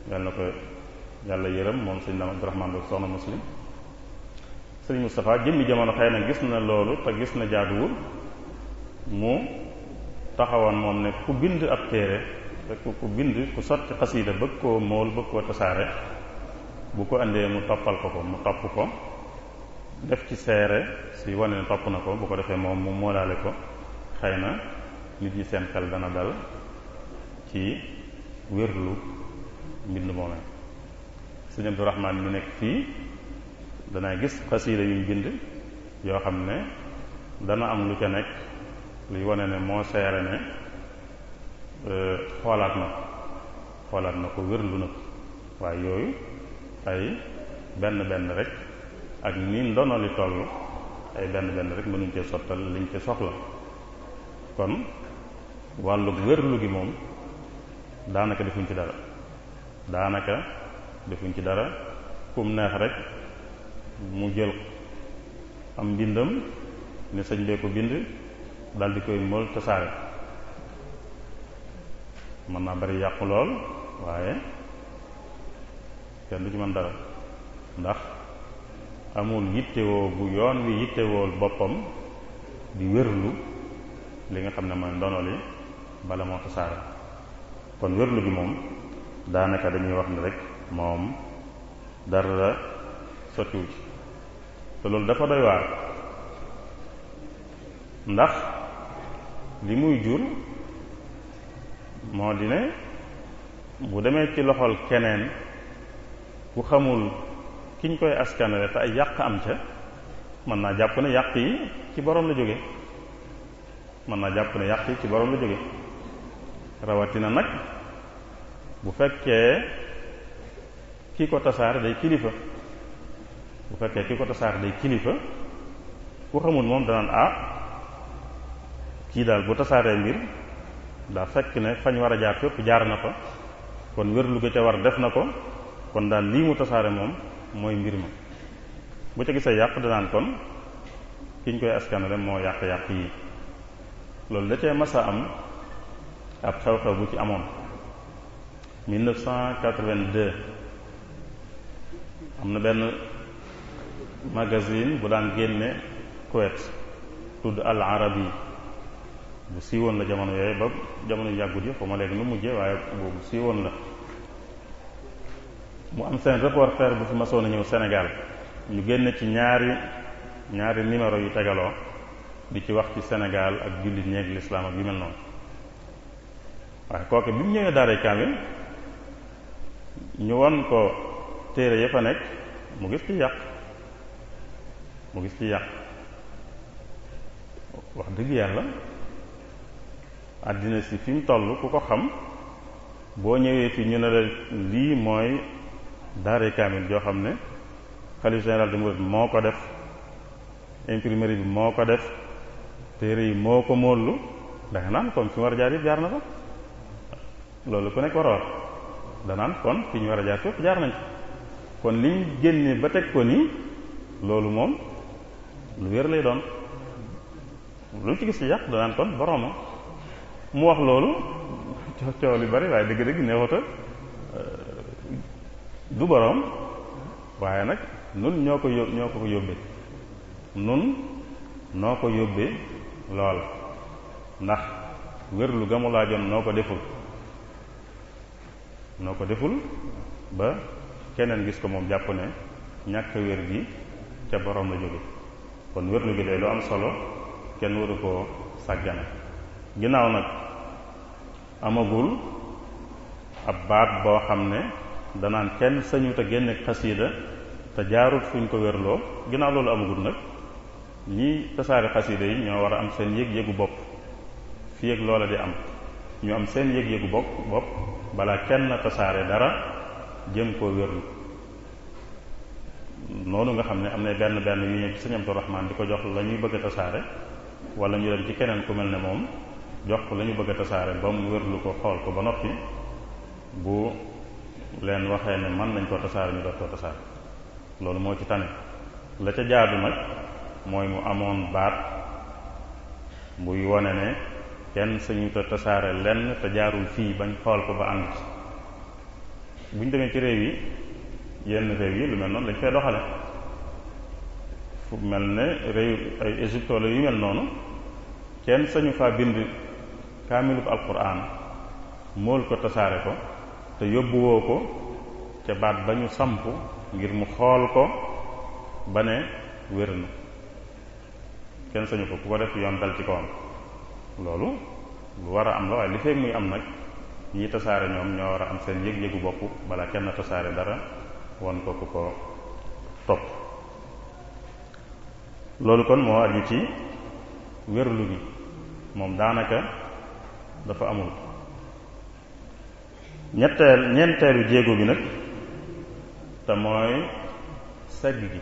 yàlla na ko yàlla yërëm moom sëñ Abdourahmane Lo soxna muslim sëriñ Moustapha jëmmi jamono xëy na gis na loolu te gis na jaaduwul mu taxawoon moom ne ku bind ab téere te ku bind ku sotti xasiida bëgg koo mool bëgg koo tasaare bu ko indee mu toppal ko ko mu topp ko def ci seere si wone ne topp na ko bu ko defee moom mu moolaale ko xëy na nit yi seen xel dana dal ci wérlu mbind moomee sëñ Abdou Rahman mi nekk fii danaa gis xasiida yuñ bind yoo xam ne dana am lu ca nekk luy wane ne moo seere ne euh, xoolaat na ko xoolaat na ko wérlu na ko waaye yooyu ay benn benn rek ak ni ndono li toll ay benn benn rek mënuñ cee sottal liñ ci soxla kon wàllu wérlu gi moom daanaka defuñ ci dara daanaka defuñ ci dara kum neex rek mu jël am bindam ne sëñ bee ko bind dal di koy mol tasaare mën naa bari yàqu lool waaye kenn du ci mën dara ndax amul yittewoo bu yoon wi yittewool boppam di wérlu li nga xam ne mooy ndono bala moo tasaare kon wérlu bi moom daanaka dañuy wax ni rek moom dara sottiwu te loolu dafa doy waar ndax li muy jur moo di ne bu demee ci loxol keneen ku xamul kiñ koy askanale te ay yàq am ca mën naa jàpp ne yàq yi ci borom la jóge mën naa jàpp ne yàq yi ci borom la jóge rawatina nag bu fekkee ki ko tasaare day kilifa bu fekkee ki ko tasaar day kilifa ku xamul moom danaan ah kii daal bu tasaaree mbir daa fekk ne fañ war a jaar fépp jaar na ko kon wér lu ko ca war def na ko kon daal lii mu tasaare moom mooy mbir ma bu ca gisee yàq danaan kon ki ñu koy askanale moo yàq-yàq yi loolu da cee masa am ab xew-xew bu ci amoon 1982 am na benn magazine bu daan génne Kuwait tudd al arabi bu siiwoon la jamono yooyu ba jamono yàggut yi xaw ma léegi nu mujje waaye boobu siiwoon la mu am seen reporter bu fi masoon a ñëw Sénégal ñu génne ci ñaari ñaari numéro yu tegaloo di ci wax ci Sénégal ak jullit ñeeg lislaam ak yu mel noonu waaye kooke bi mu ñëwee daaray kaamil ñu won ko téere ya fa nekk mu gis ci yàq mu gis ci yàq wax dëgg yàlla àddina si fi mu toll ku ko xam boo ñëwee fi ñu ne la lii mooy daare kaamil joo xam ne xalif général de moo ko def imprimerie bi moo ko def téere yi moo ko moolu danga naan kon fi mu war a jaar yëpp jaar na loolu ku nekk kon fi ñu war a jaar fépp jaar génne ba teg ko nii loolu moom lu wér lay doon lu ci gis ci yàq danaan kon borooma mu wax loolu coow li bari waaye dëgg-dëgg neexuta euh, du boroom waaye nag nun ñoo ko ñoo ko yóbbee nun noo ko yóbbee lool ndax wér lu gamu laajoon noo ko deful noo ko deful ba keneen gis ko moom jàpp ne ñàkk wér gi ca boroom la jóge kon wérlu bi day lu am solo kenn waru koo sàggane ginnaaw nag amagul ab baat boo xam ne danaan kenn sañut a génne xasiida te jaarut fuñ ko wérloo ginnaaw loolu amagul nag ñi tasaare xasiida yi ñoo war a am seen yëg-yëgu bopp fii ak loola di am ñu am seen yëg-yëgu bopp bopp balaa kenn tasaare dara jëm koo wérlu loolu nga xam ne am na benn benn yu ñëw ci sëñ Abdou di ko jox la ñuy bëgg tasaare wala ñu dem ci keneen ku mel ne moom jox ko la ñu bëgg a tasaare ba mu wérlu ko xool ko ba noppi bu leen waxee ne man nañ koo tasaare ñu dox koo tasaare loolu moo ci tane la ca jaadu nag mooy mu amoon baat buy wone ne kenn suñu te tasaare lenn te jaarul fii bañ xool ko ba ànd buñ demee ci réew yi yenn réew yi lu mel noonu lañ fay doxale fu mel ne réew ay Égypte wala yu mel noonu kenn sañu faa bind kaamilub alquran mool ko tasaare ko te yóbbuwoo ko ca baat ba ñu samp ngir mu xool ko ba ne wér na kenn sañu ko ku ko def yoon dal ci kawam loolu lu war a am la waaye li feeg muy am nag ñii tasaare ñoom ñoo war a am seen yëg-yëgu bopp bala kenn tasaare dara wan ko ku ko topp loolu kon moo aju ci wérlu gi moom daanaka dafa amul ñetteel ñeenteelu jéego bi nag te mooy segg gi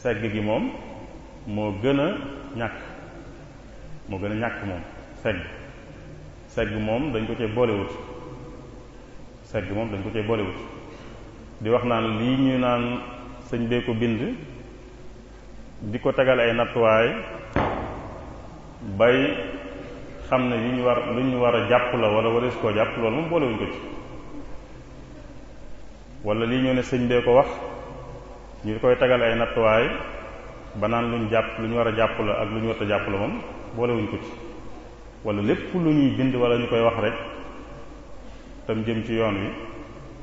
segg gi moom moo gën a ñàkk moo gën a ñàkk moom segg segg moom dañ ko cee boolewut segg moom dañ ko cee boolewut di wax naan lii ñu naan sëñ bee ko bind di ko tegal ay nattuwaay bay xam ne li war lu ñu war a jàpp la wala warees koo jàpp loolu moom boolewuñ ko ci wala li ñu ne sëñ bee ko wax ñu koy tegal ay nattuwaay ba naan luñ jàpp lu ñu war a jàpp la ak lu ñu war a jàpp la moom boolewuñ ko ci wala lépp lu ñuy bind wala ñu koy wax rek tam jëm ci yoon wi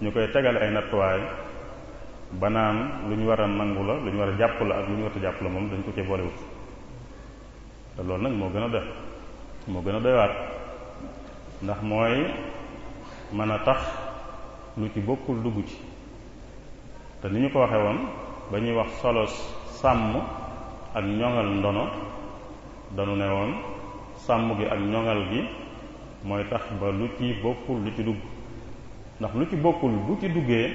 ñu koy tegale ay nattuwaay ba naan lu ñu war a nangu la lu ñu war a jàpp la ak lu ñu war jàpp la moom dañ ko cee boolewut te loolu nag moo gën a def moo gën a doywaat ndax mooy mën a tax lu ci bokkul dugg ci te ni ñu ko waxee woon ba ñuy wax solo sàmm ak ñoŋal ndono danu ne woon sàmm gi ak ñoŋal gi mooy tax ba lu ci bokkul lu ci dugg ndax lu ci bokkul bu ci duggee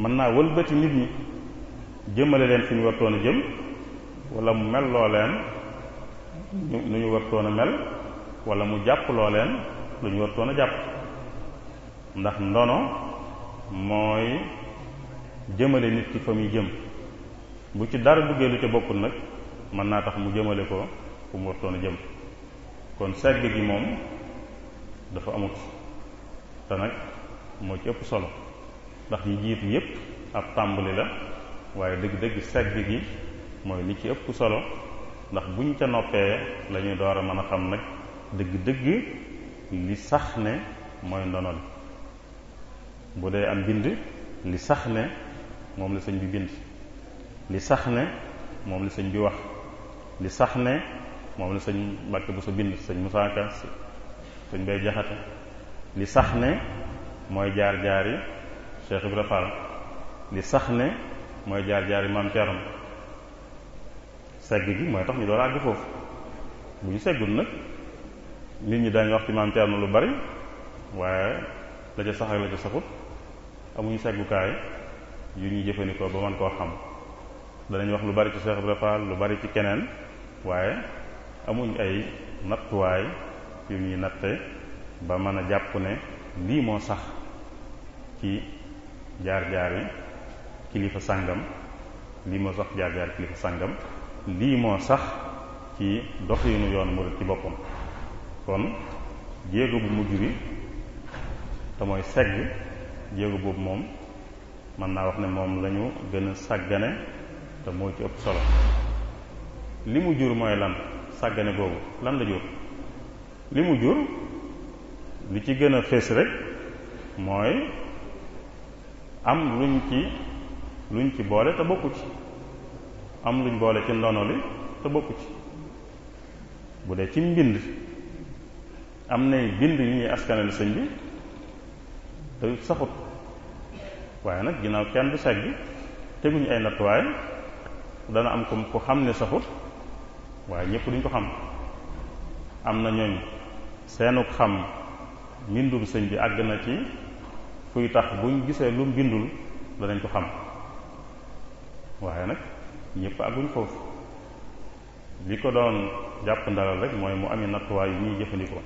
mën naa wëlbati nit ñi jëmale leen fi ñu wartoon a jëm walla mu mel loo leen nu ñu wartoon a mel wala mu jàpp loo leen lu ñu wartoon a jàpp ndax ndono mooy jëmale nit ki fa muy jëm bu ci dara duggee lu ca bokkul nag mën naa tax mu jëmale ko fu mu wartoon a jëm kon segg gi moom dafa amut te nag mooy ci ëpp solo ndax yi jiitu yépp ab tàmbali la waaye dëgg-dëgg segg gi mooy li ci ëpp solo ndax bu buñ ca noppee la ñuy door a mën a xam nag dëgg-dëgg li sax ne mooy ndono li bu dee am bind li sax ne moom la sëñ bi bind li sax ne moom la sëñ bi wax li sax ne moom la sëñ Mbàkke bu sa bind sëñ Musaa Ka sëñ Bay Jaxate li sax ne mooy jaar-jaari Cheikh Ibra Fall li sax ne mooy jaar-jaari maam Thierno segg gi mooy tax ñu door àgg foofu bu ñu seggul nag nit ñi daañu wax ci maam Thierno lu bari waaye la ca sax ak la ca saxut amuñu seggukaay yu ñuy jëfandikoo ba mën koo xam danañ wax lu bari ci Cheikh Ibra Fall lu bari ci keneen waaye amuñ ay nattuwaay yu ñuy natte ba mën a jàpp ne lii moo sax ci jaar-jaari kilifa sàngam lii moo sax jaar-jaari kilifa sàngam lii moo sax ci doxinu yoon murid ci boppam kon jéego bu mujj bi te mooy segg jéego boobu moom mën naa wax ne moom lañu gën sàggane te moo ci ëpp solo li mu jur mooy lan sàggane boobu lan la jur li mu jur li ci gën a fés rek mooy am luñ ci luñ ci boole te bokku ci am luñ boole ci ndono li te bokku ci bu dee ci mbind am nay bind yu ñuy askanal sëñ bi te saxut waaye nag ginnaaw kenn du segg teguñu ay nattuwaay dana am ko ku xam ne saxut waaye ñëpp duñ ko xam am na ñooñ seenuk xam mbindum sëñ bi àgg na ci fuy tax buñ gisee lu mbindul danañ ko xam waaye nag ñëpp àgguñ foofu li ko doon jàpp ndalal rek mooy mu amee nattuwaay yu ñuy jëfandikoo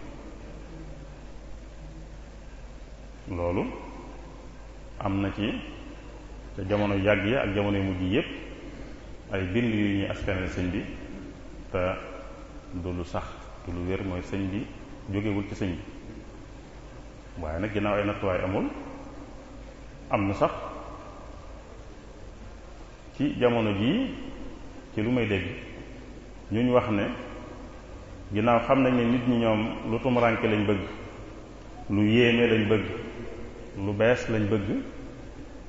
loolu am na ci te jamono yàgg yi ak jamono mujj yépp ay bind yu ñuy askanal sëñ bi te du lu sax du lu wér mooy sëñ bi jógewul ci sëñ bi waaye nag ginnaaw ay nattuwaay amul am na sax ci jamono jii ci lu may dégg ñu wax ne ginnaaw xam nañ ne nit ñi ñoom lu tumuranke lañ bëgg lu yéeme lañ bëgg lu bees lañ bëgg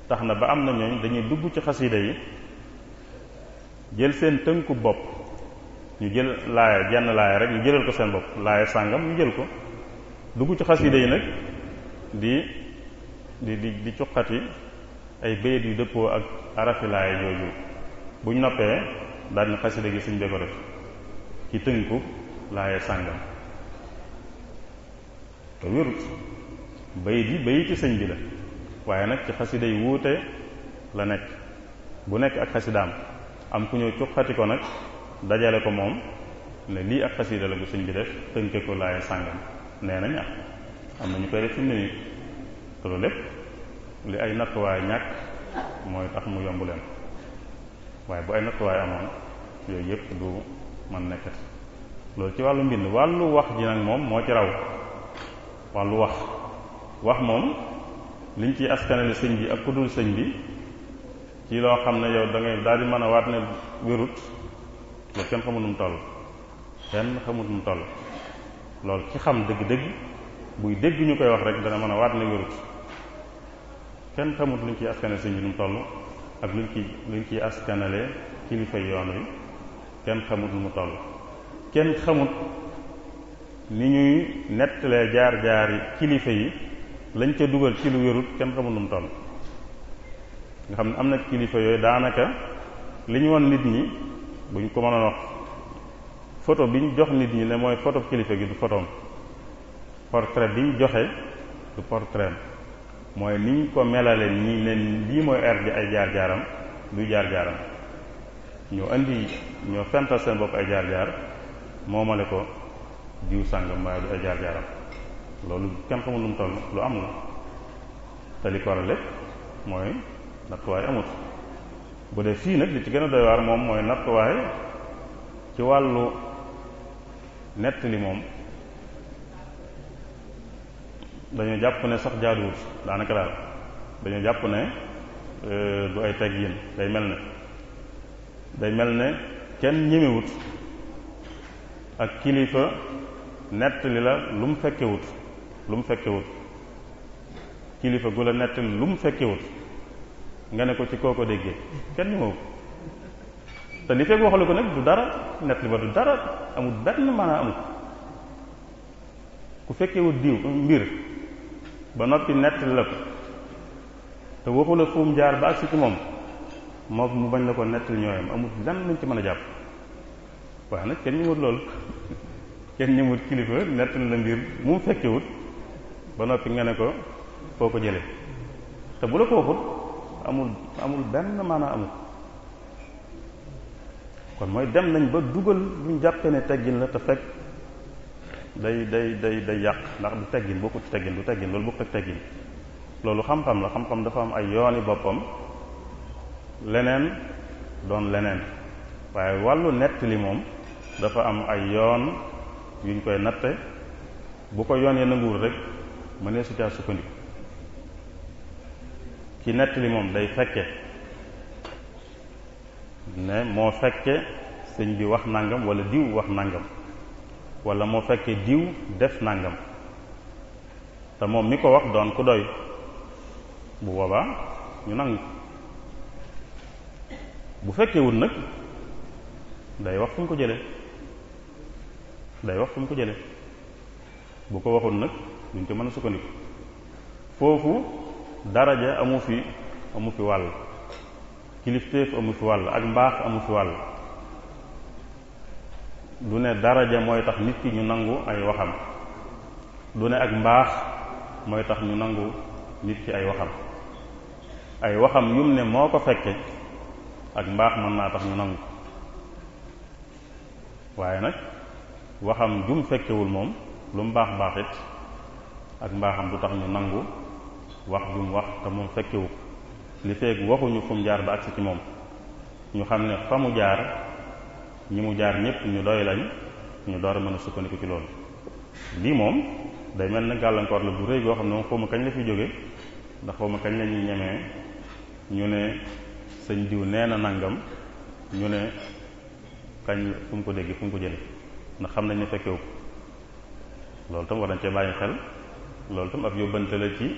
tax na ba am na ñooñ dañuy dugg ci xasida yi jël seen tënku bopp ñu jël laaya jenn laaya rek ñu jëlal ko seen bopp laaya sàngam ñu jël ko dugg ci xasida yi nag di di di di cuqati ay bayit yu dëppoo ak arafi laay jooju buñ noppee daal na xasida gi suñ ko def ci tënku laaye sàngam te wérut bayit yi bayiti sëñ bi la waaye nag ci xasida yi wuute la nekk bu nekk ak xasidaam am ku ñëw cuqati ko nag dajale ko moom ne lii ak xasida la bu sëñ bi def tënke ko laaye sàngam nee nañ am na ñu koy def mu nii te lépp li ay nattuwaay ñàkk mooy tax mu yomb leen waaye bu ay nattuwaay amoon yooyu yëpp du man nekkati loolu ci wàllu mbind wàllu wax ji nag moom moo ci raw wàllu wax wax moom liñ ciy askanale sëñ bi ak ku sëñ bi ci loo xam ne yow da ngay daal di mën a waat ne wérut loolu kenn xamul nu mu kenn xamul nu loolu ci xam dëgg-dëgg buy dégg ñu koy wax rek dana mën a waat na wérut kenn xamut luñ ciy askanale sëñ bi nu toll ak luñ ciy luñ ciy askanale kilifa yoon wi kenn xamut lu mu toll kenn xamut ni ñuy nettalee jaar jaari kilifa yi lañ ca dugal ci lu wérut kenn xamut lu mu toll nga xam ne am na kilifa yooyu daanaka li ñu won nit ñi buñ ko mënoon wax photo bi ñu jox nit ñi ne mooy photo kilifa gi du photom portrait bi ñu joxe du portrait mooy ni ñu ko melale nii ne lii mooy air bi ay jaar-jaaram du jaar-jaaram ñoo indi ñoo fental seen bopp ay jaar-jaar moomale ko diw sàngam waaye du ay jaar-jaaram loolu kenn xamul lu mu toll lu am la te li lépp mooy nattuwaay amut bu dee fii nag li ci gën a doy waar moom mooy nattuwaay ci wàllu nett li moom dañoo jàpp ne sax jaaduwul daanaka daal dañoo jàpp na euh, du ay teggin day mel na day mel ne kenn ñemewut ak kilifa nettali la lu mu fekkewut lu mu fekkewut kilifa gu la nettali lu mu fekkewut nga ne ko ci koo ko déggee kenn ñemewu te li fekk waxalu ko nag du dara nettali ba du dara amul benn maanaa amul ku fekkewut diw mbir ba noppi nettali la ko te waxu la mu jaar ba agsi ci moom moom mu bañ la ko nettali ñooyam amul lan lañ ci mën a jàpp waaye nag kenn ñëwut lool kenn ñëwut kilifa nettali la mbir mu mu fekkewut ba noppi nga ne ko foo ko jële te bu la ko waxut amul amul benn maanaa amul kon mooy dem nañ ba dugal luñ jàppe ne teggin la te fekk day day day day yàq ndax du teggin bokkut teggin du teggin loolu bokkut teggin loolu xam-xam la xam-xam dafa am ay yooni boppam leneen doon leneen waaye wàllu nett li moom dafa am ay yoon yuñ koy natte bu ko yoon ya nanguwul rek mënee su caa sukkandiku ki nett li moom day fekke ne moo fekke sëñ bi wax nangam wala diw wax nangam wala moo fekkee diw def nangam te moom mi ko wax doon ku doy bu boobaa ñu nangu bu fekkee wut nag day wax fu mu ko jëlee day wax fu mu ko jële bu ko waxul nag duñ ko mën a sukkandiku foofu daraja amu fi amu fi wàll kilifteef amu fi wàll ak mbaax amu fi wàll du ne daraja mooy tax nit ñu nangu ay waxam du ne ak mbaax mooy tax ñu nangu nit ki ay waxam ay waxam yum ne moo ko fekke ak mbaax mën naa tax ñu nangu waaye nag waxam jum fekkewul moom lu mu baax baaxit ak mbaaxam du tax ñu nangu wax jum wax te moom fekkewu li feeg waxuñu fu jaar ba agsi ci moom ñu xam ne fa mu jaar ñi mu jaar ñëpp ñu doy lañ ñu door a mën a sukkandiku ci loolu lii moom day mel na gàllankoor la bu rëy goo xam ne moom xaw ma kañ la fi jóge ndax xaw ma kañ la ñuy ñemee ñu ne sëñ diw nee na nangam ñu ne kañ fu mu ko dégg fu mu ko jële ndax xam nañ ne fekkewu ko loolu tam war nañ cee bàyyi xel loolu tam ab yóbbante la ci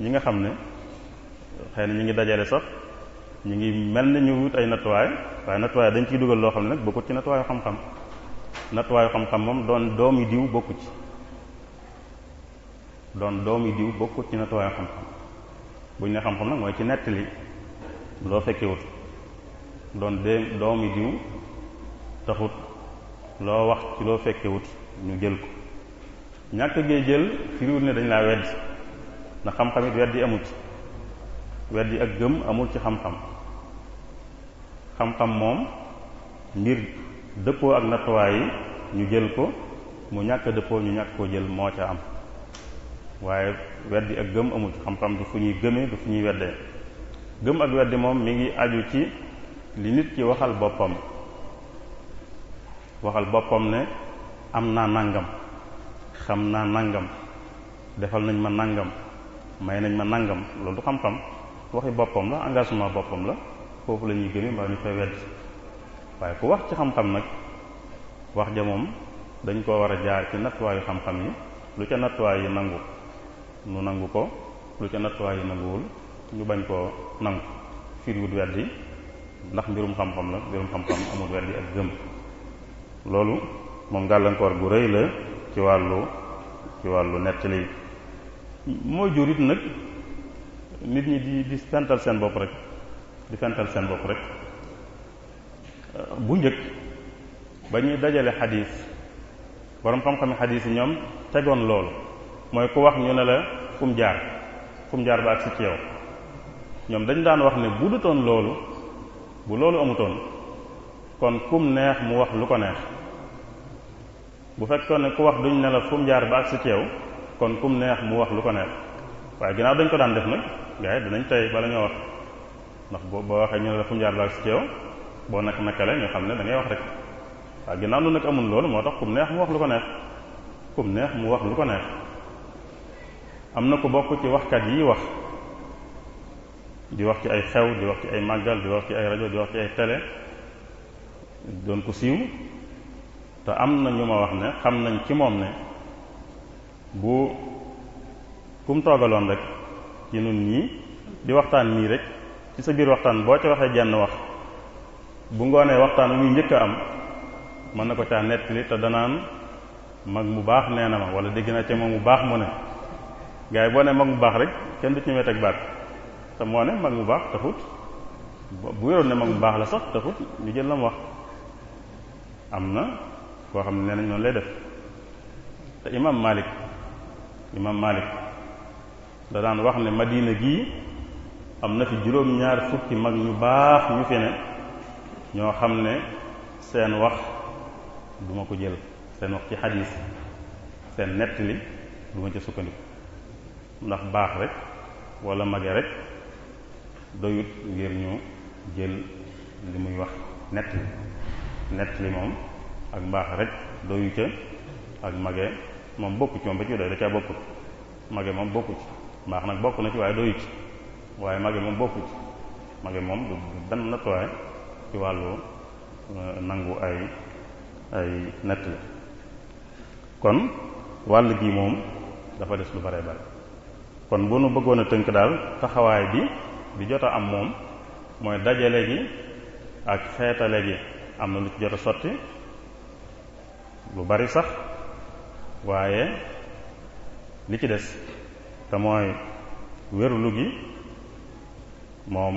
ñi nga xam ne xëy na ñu ngi dajale sax ñu ngi mel ne ñu wut ay nattuwaay waaye nattuwaay dañ ciy dugal loo xam ne nag bokkut ci nattuwaayu xam-xam nattuwaayu xam-xam moom doon doomi diw bokku ci doon doomi diw bokkut ci nattuwaayu xam-xam buñ ne xam-xam nag mooy ci nettali loo fekkewut doon de doomi diw taxut loo wax ci loo fekkee fekkewut ñu jël ko ñàkk gee jël firiwut ne dañ laa wedd ndax xam-xamit wedd yi amut weddi ak gëm amul ci xam-xam xam-xam moom ngir dëppoo ak nattuwaay yi ñu jël ko mu ñàkk dëppoo ñu ñàkk koo jël moo ca am waaye weddi ak gëm amul ci xam-xam du fu ñuy gëmee du fu ñuy weddee gëm ak weddi moom mu ngi aju ci li nit ki waxal boppam waxal boppam ne am naa nangam xam naa nangam defal nañ ma nangam may nañ ma nangam loolu du xam-xam waxi boppam la engagement boppam la foofu la ñuy mbaa ñu koy wedd waaye ku wax ci xam-xam nag wax ja moom dañ koo war a jaar ci nattuwaayu xam-xam yi lu ca nattuwaay yi nangu nu nangu ko lu ca nattuwaay yi nanguwul ñu bañ koo nangu firiwut weddi ndax mbirum xam-xam la mbirum xam-xam amul weddi ak gëm loolu moom gàllankoor gu rëy la ci wàllu ci wàllu nettali mooy jurit nag nit ñi di di fental seen bopp rek di fental seen bopp rek euh, bu njëkk ba ñuy dajale xadiis borom xam-xami xadis yi ñoom tegoon loolu mooy ku wax ñu ne la fu mu jaar fu jaar ba ak si ci yow ñoom dañ daan wax ne bu dutoon loolu bu loolu amutoon kon kum neex mu wax lu ko neex bu fekkoon ne ku wax duñ ne la fu mu jaar ba ak si ci yow kon kum neex mu wax lu ko neex waaye ginnaaw dañ ko daan def nag gars yi danañ tey bala ñoo wax ndax boo boo waxee ñu ne la fu mu jaar laal si teew boo nak nakale ñu xam ne da wax rek waaye ginnaaw lu nag amul loolu moo tax kum neex mu wax lu ko neex mu wax lu ko neex am na ko bokk ci waxkat yi wax di wax ci ay xew di wax ci ay màggal di wax ci ay rajo di wax ci ay télé doon ko siiw te am na ñu ma wax ne xam nañ ci moom ne bu ku mu toogaloon rek ci nun ñii di waxtaan nii rek ci sa biir waxtaan boo ca waxee jenn wax bu ngoonee waxtaan muy njëkk am mën na ko caa nettali te danaan mag mu baax nee na ma wala dégg naa ca moom mu baax mu ne gars yi boo ne mag mu baax rek kenn du ci ñëwee teg baat te moo ne mag mu baax taxut bu wéroon ne mag mu baax la sax taxut ñu jël la mu wax am na koo xam ne nee nañ noonu lay def te imam Malik imam Malik da daan wax ne Madina gii am na fi juróom-ñaar fukki mag ñu baax ñu fi ne ñoo xam ne seen wax duma ko jël seen wax ci xadiis seen nettali du ma ca sukkandiku ndax baax rek walla mage rek doyut ngir ñu jël li muy wax nettali li moom ak mbaax rek doyu ca ak mage moom bokku ci moom ba ci doy da caa bokkut mage moom bokku mbaax nag bokk na ci waaye doyu ci waaye mage moom bokku ci mage moom du benn nattuwaay ci wàllu euh, nangu ay ay nett la kon wàll gi moom dafa des lu bare bare kon bu nu bëggoon a tënk daal taxawaay bi bi jot a am moom mooy dajale gi ak xeetale gi am na lu ci jot a sotti lu bari sax waaye li ci des te mooy wérlu gi moom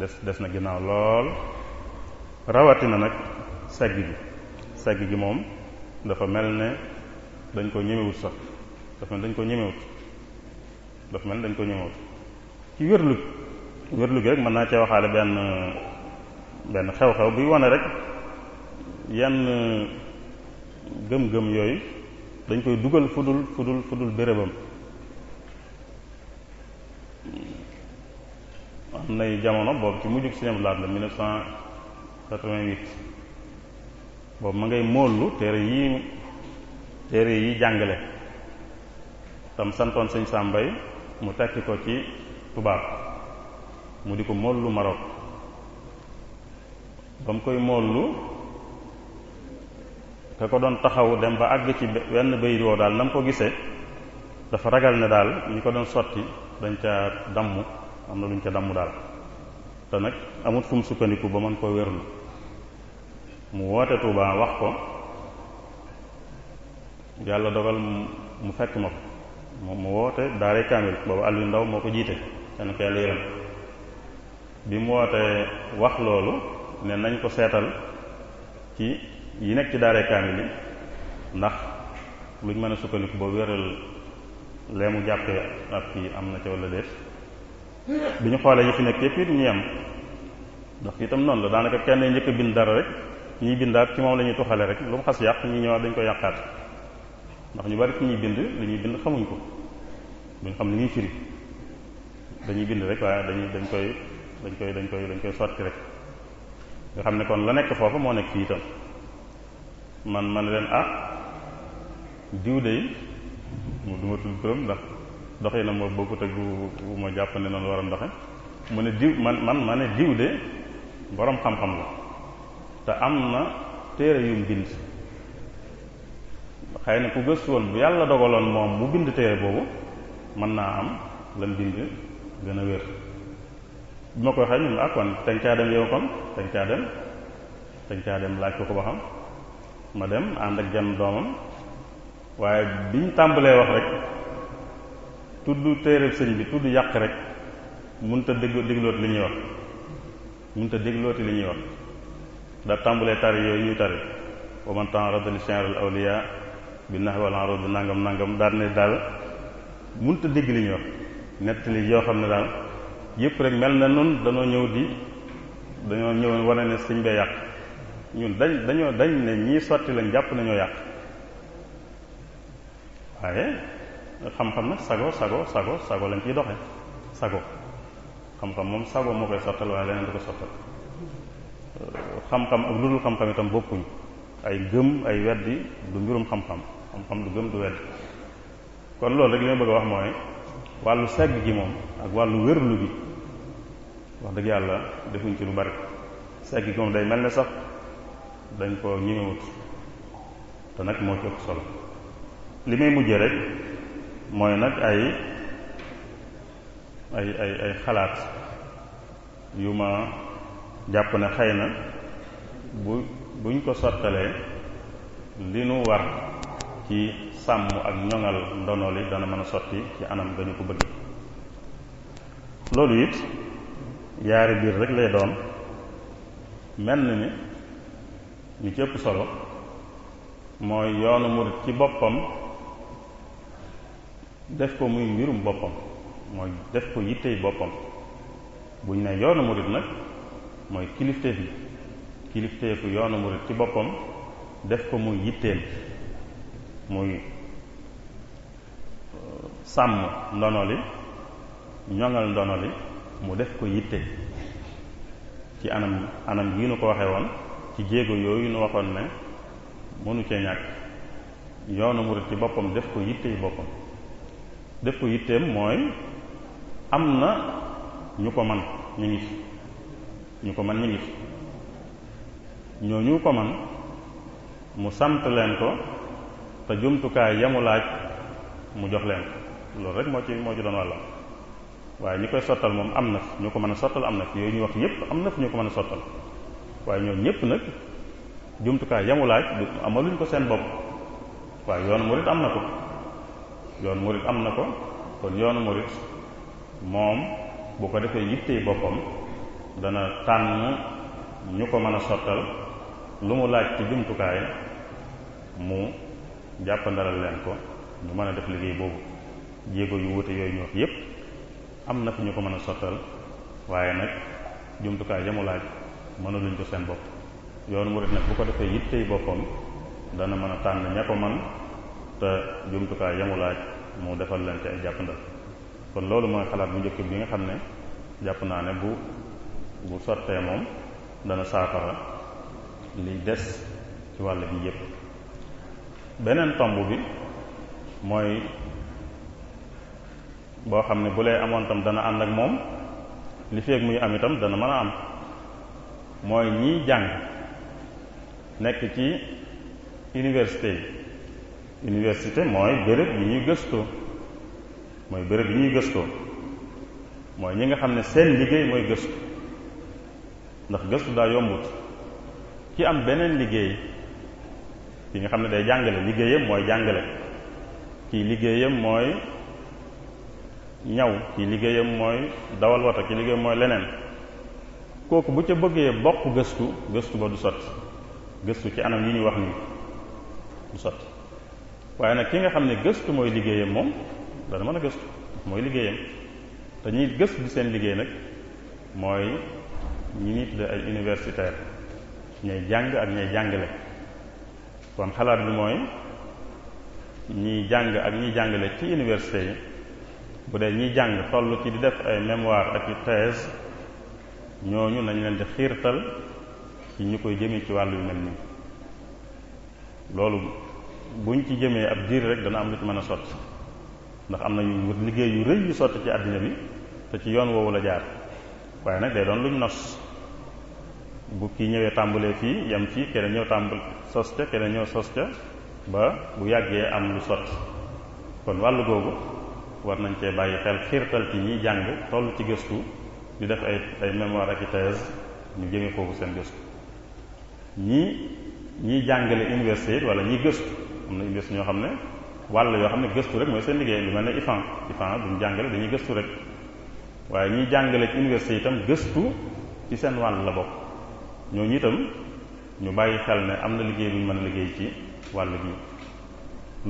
des des na ginnaaw lool rawatina nag segg gi segg gi moom dafa mel ne dañ koo ñemewut sax dafa mel dañ ko ñemewut dafa mel dañ ko ñemewut ci wérlu gi wérlu gi rek mën naa cee waxaale benn benn xew-xew buy wane rek yan gëm-gëm yooyu dañ koy dugal fudul fu dul bérébam am nay jamono boobu ci mujjug Sëñ Abdu Lahat la 1988 boobu ma ngay móollu téere yi téere yi jàngale tam santoon sëñ Sàmbay mu tekki ko ci tubaab mu di ko móollu Maroc ba mu koy móollu ka ko doon taxaw dem ba àgg ci benn bayit woo daal na mu ko gisee dafa ragal ne daal ñi ko doon sotti dañ ca damm am na luñ ca damm daal te nag amut fu mu sukkandiku ba mën koo wérlu mu woote Tuuba wax ko yàlla dogal mu fekk ma ko moom mu woote daaray kaamil boobu àll yu ndaw moo ko jiite kenn ko yàlla yërëm bi mu wootee wax loolu ne nañ ko seetal ci yi nekk ci daaray kaamil yi ndax luñ mën a sukkandiku ba wéral lee mu jàppee ab kii am na ca wala de bi ñu xoolee yi fi nekk yëpp it ñu yem ndax itam noonu la daanaka kenn njëkk bind dara rek ñiy bindaat ci moom la ñuy tuxale rek lu mu xas yàq ñi ñëwaat dañ koy yàqaat ndax ñu bari ci ñuy bind li ñuy bind xamuñ ko duñ xam li ñuy firi dañuy bind rek waaye dañuy dañ koy dañ koy dañ koy dañ koy sotti rek nga xam ne kon la nekk foofu moo nekk fii itam man man leen ah diw de mu du ma tudd turam ndax doxee na ma bokkut ak bu ma jàpp ne noonu war a mu ne diw man man ma ne diw de boroom xam-xam la te am na téere yum bind xëy na ku gëstu woon bu yàlla dogaloon moom mu bind téere boobu mën naa am lan bind gën a wér bi koy xëy ñu ne ah dañ caa dem yow kon dañ dem dañ caa dem laaj ko ko ba xam ma dem ànd ak jenn doomam waaye biñ tàmbalee wax rek tudd téereb sëñ bi tudd yàq rek mënut a déglu déglooti li ñuy wax mënut a déglooti li ñuy wax da tàmbalee tari yooyu ñuy tari wa man ta'arrada li shi'ril awliya bi nahwi wal arud nangam nangam daal daal mënut a dégg li ñuy wax nettali yoo xam ne daal yëpp rek mel na noonu dañoo ñëw di dañoo ñëwoon wane ne sëñ bee yàq ñun dañ dañoo dañ ne ñii sotti lañ jàpp nañoo yàq waaye xam-xam nag sago sago sago sago lañ ciy doxe sago xam-xam moom sago moo koy sottal waaye leneen du ko sottal xam-xam ak lu dul xam-xam itam bokkuñ ay gëm ay weddi du mbirum xam-xam xam-xam du gëm du weddi kon loolu rek li ma bëgg a wax mooy wàllu segg gi moom ak wàllu lu gi wax dëgg yàlla defuñ ci lu bari segg gi moom day mel ne sax dañ ko ñemewut te nag moo ci solo li may mujjee rek mooy nag ay ay ay xalaat yu ma jàpp ne xëy na bu buñ ko sottalee li nu war ci sàmm ak ñoŋal ndono li dana mën a sotti ci anam dañu ko bëgg loolu it yaari biir rekk lay doon mel na ni li ci ëpp solo mooy yoonu murit ci boppam def ko muy mbirum boppam mooy def ko yittey boppam buñ ne yoonu murit nag mooy kilifteef yi kilifteefu yoonu murit ci boppam def ko mu yitteem muy euh, sàmm ndono li ñoŋal ndono li mu def ko yitte ci anam anam yi nu ko waxee woon ci jéego yooyu nu waxoon ne mënu cee ñàkk yoonu murit ci boppam def ko yitte boppam def ko yitteem mooy am na ñu ko man ñu ngi fi ñu ko man ñu ngi fi ñooñu ko man mu sant leen ko te jumtukaay yamu laaj mu jox leen ko loolu rek moo ci moo ci doon wàllam waaye ñi koy sottal moom am na fi ñu ko mën a sottal am na fi yooyu ñu wax yépp am na fi ñu ko mën a sottal waaye ñoom ñépp nag jumtukaay yamu laaj du amaluñ ko seen bopp waaye yoonu murid am na ko yoon murit am na ko kon yoonu murit moom bu ko defee yittey boppam dana tànn ñu ko mën a sottal lu mu laaj ci jumtukaay mu jàppandalal leen ko ñu mën a def liggéey boobu jéego yu wute yooyu ñu yépp am na fi ñu ko mën a sottal waaye nag jumtukaay yamu laaj mënaluñ ko seen bopp yoonu murit nag bu ko defee yittey boppam dana mën a tànn ña ko man te jumtukaay yamu laaj mu defal leen ci ay jàppandal kon loolu mooy xalaat bu njëkk bi nga xam ne jàpp naa ne bu bu sottee moom dana saafara li des ci wàll bi yépp beneen tomb bi mooy boo xam ne bu lay amoon tam dana ànd ak moom li feeg muy am itam dana mën a am mooy ñiy jàng nekk ci université université mooy béréb yi ñuy gëstoo mooy béréb yi ñuy gëstoo mooy ñi nga xam ne seen liggéey mooy gëstu ndax gëstu daa yombut ki am beneen liggéey ki nga xam ne day jàngale liggéeyam mooy jàngale kiy liggéeyam mooy ñaw kii liggéeyam mooy dawal wata kii liggéeyam mooy leneen kooku bu ca bëggee bokk gëstu gëstu ba du sotti gëstu ci anam yi ñu wax nii du sotti waaye nag ki nga xam ne gëstu mooy liggéeyam moom dana mën a gëstu mooy liggéeyam te ñuy gëstu di seen liggéey nag mooy ñu nit la ay universitaire ñay jàng ak ñay jàngale kon xalaat bi mooy ñuy jàng ak ñiy jàngale ci université yi bu dee ñiy jàng toll ci di def ay mémoire ak yu thèse ñooñu nañ leen di xiirtal ci ñu koy jëmee ci wàll yu mel nii loolu buñ ci jëmee ab diir rek dana am lu ci mën a sotti ndax am na yu liggéey yu rëy yu sotti ci àddina bi te ci yoon woowu la jaar waaye nag day doon luñ nos bu ki ñëwee tàmbalee fii yam ci keneen ñëw tàmbal sos ca keneen ñëw sos ca ba bu yàggee am lu sot kon wàll googu war nañ cee bàyyi xel xiirtal ci ñi jàng toll ci gëstu di def ay ay mémoire ak thèse ñu jëmee foofu seen gëstu ñi ñiy jàngale université wala ñi gëstu am na université ñoo xam ne wàll yoo xam ne gëstu rek mooy seen liggéey lu mel ne IFAN IFAN duñ jàngale dañuy gëstu rek waaye ñuy jàngale ci université tam gëstu ci seen wàll la bokk ñooñu itam ñu bàyyi xel ne am na liggéey buñ mën a liggéey ci wàll bi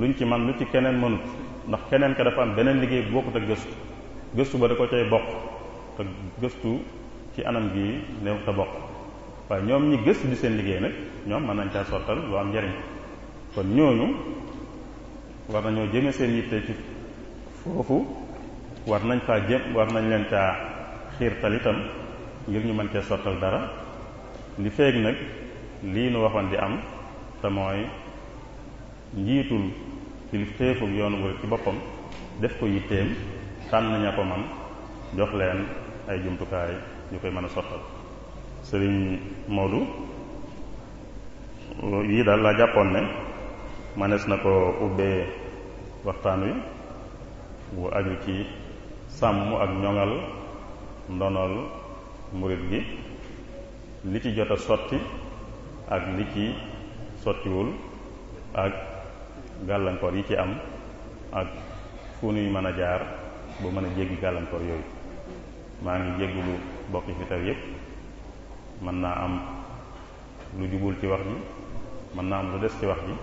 luñ ci man lu ci keneen mënut ndax keneen ka dafa am beneen liggéey bu bokkut ak gëstu gëstu ba da ko bokk te ci anam gi néew te bokk waaye ñoom ñi gëstu di seen liggéey nag ñoom mën nañ caa sottal lu am njariñ kon ñooñu war nañoo jëme seen yitte ci foofu war nañ faa jëm war nañ leen caa xiirtal itam ngir ñu mën cee sottal dara li feeg nag lii nu waxoon di am te mooy njiitul kilifteefug yoonu wër ci boppam def ko yitteem tànn ña ko man jox leen ay jumtukaay ñu koy mën a sottal sëriñ Modou yii daal laa jàppoon ne manees na ko ubbee waxtaan wi wu aju ci sàmm ak ñoŋal ndonol murit gi li ci jot a sotti ak li ci sottiwul ak gàllankoor yi ci am ak fu nuy mën a jaar ba mën a jéggi gàllankoor yooyu maa ngi jéggulu bokki fi taw yépp mën naa am lu jubul ci wax ji mën naa am lu des ci wax ji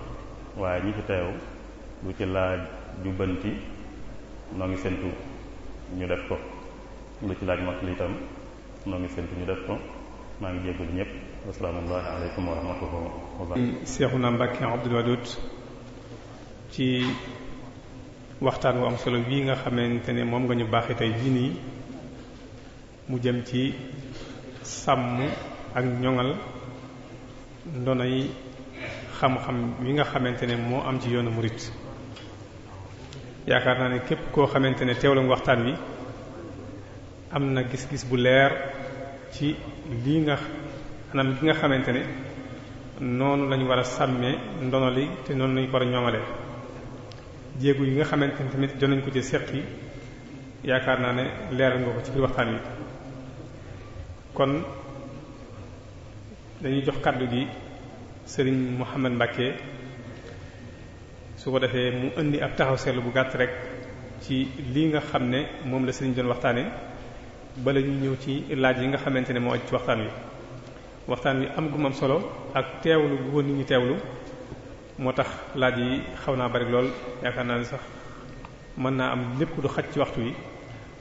waaye ñi fi teew lu ci laaj jubbanti noo ngi séntu ñu def ko lu ci laaj mot li itam noo ngi séntu ñu def ko maa ngi jégalu ñëpp asalaamaaleykum aleykum wa rahmatullahi wa barakaatuh Seexuna Mbàkke Abdul Wadud ci waxtaan wu am solo bii nga xamante ne moom nga ñu baaxee tey jii nii mu jëm ci sàmm ak ñoŋal ndono xam-xam wi nga xamante ne moo am ci yoonu murit yaakaar naa ne képp koo xamante ne teewlu waxtaan wi am na gis-gis bu leer ci lii nga anam gi nga xamante ne noonu lañu war a sàmmee ndono li te noonu lañu ko war a ñoŋalee jéegu yi nga xamante ne tamit doon nañ ko ci seq yaakaar naa ne leeral nga ko ci biir waxtaan wi kon dañuy jox kàddu gi sëriñ Mouhamed Mbacke su ko defee mu indi ab taxaw seetlu bu gàtt rek ci li nga xam ne moom la sëriñ doon waxtaane bala ñu ñëw ci laaj yi nga xamante ne moo aju ci waxtaan wi waxtaan wi am gumam solo ak teewlu bu ko nit ñi teewlu moo tax laaj yi xaw naa bari lool yaakaar naa ni sax mën naa am lépp du xaj ci waxtu wi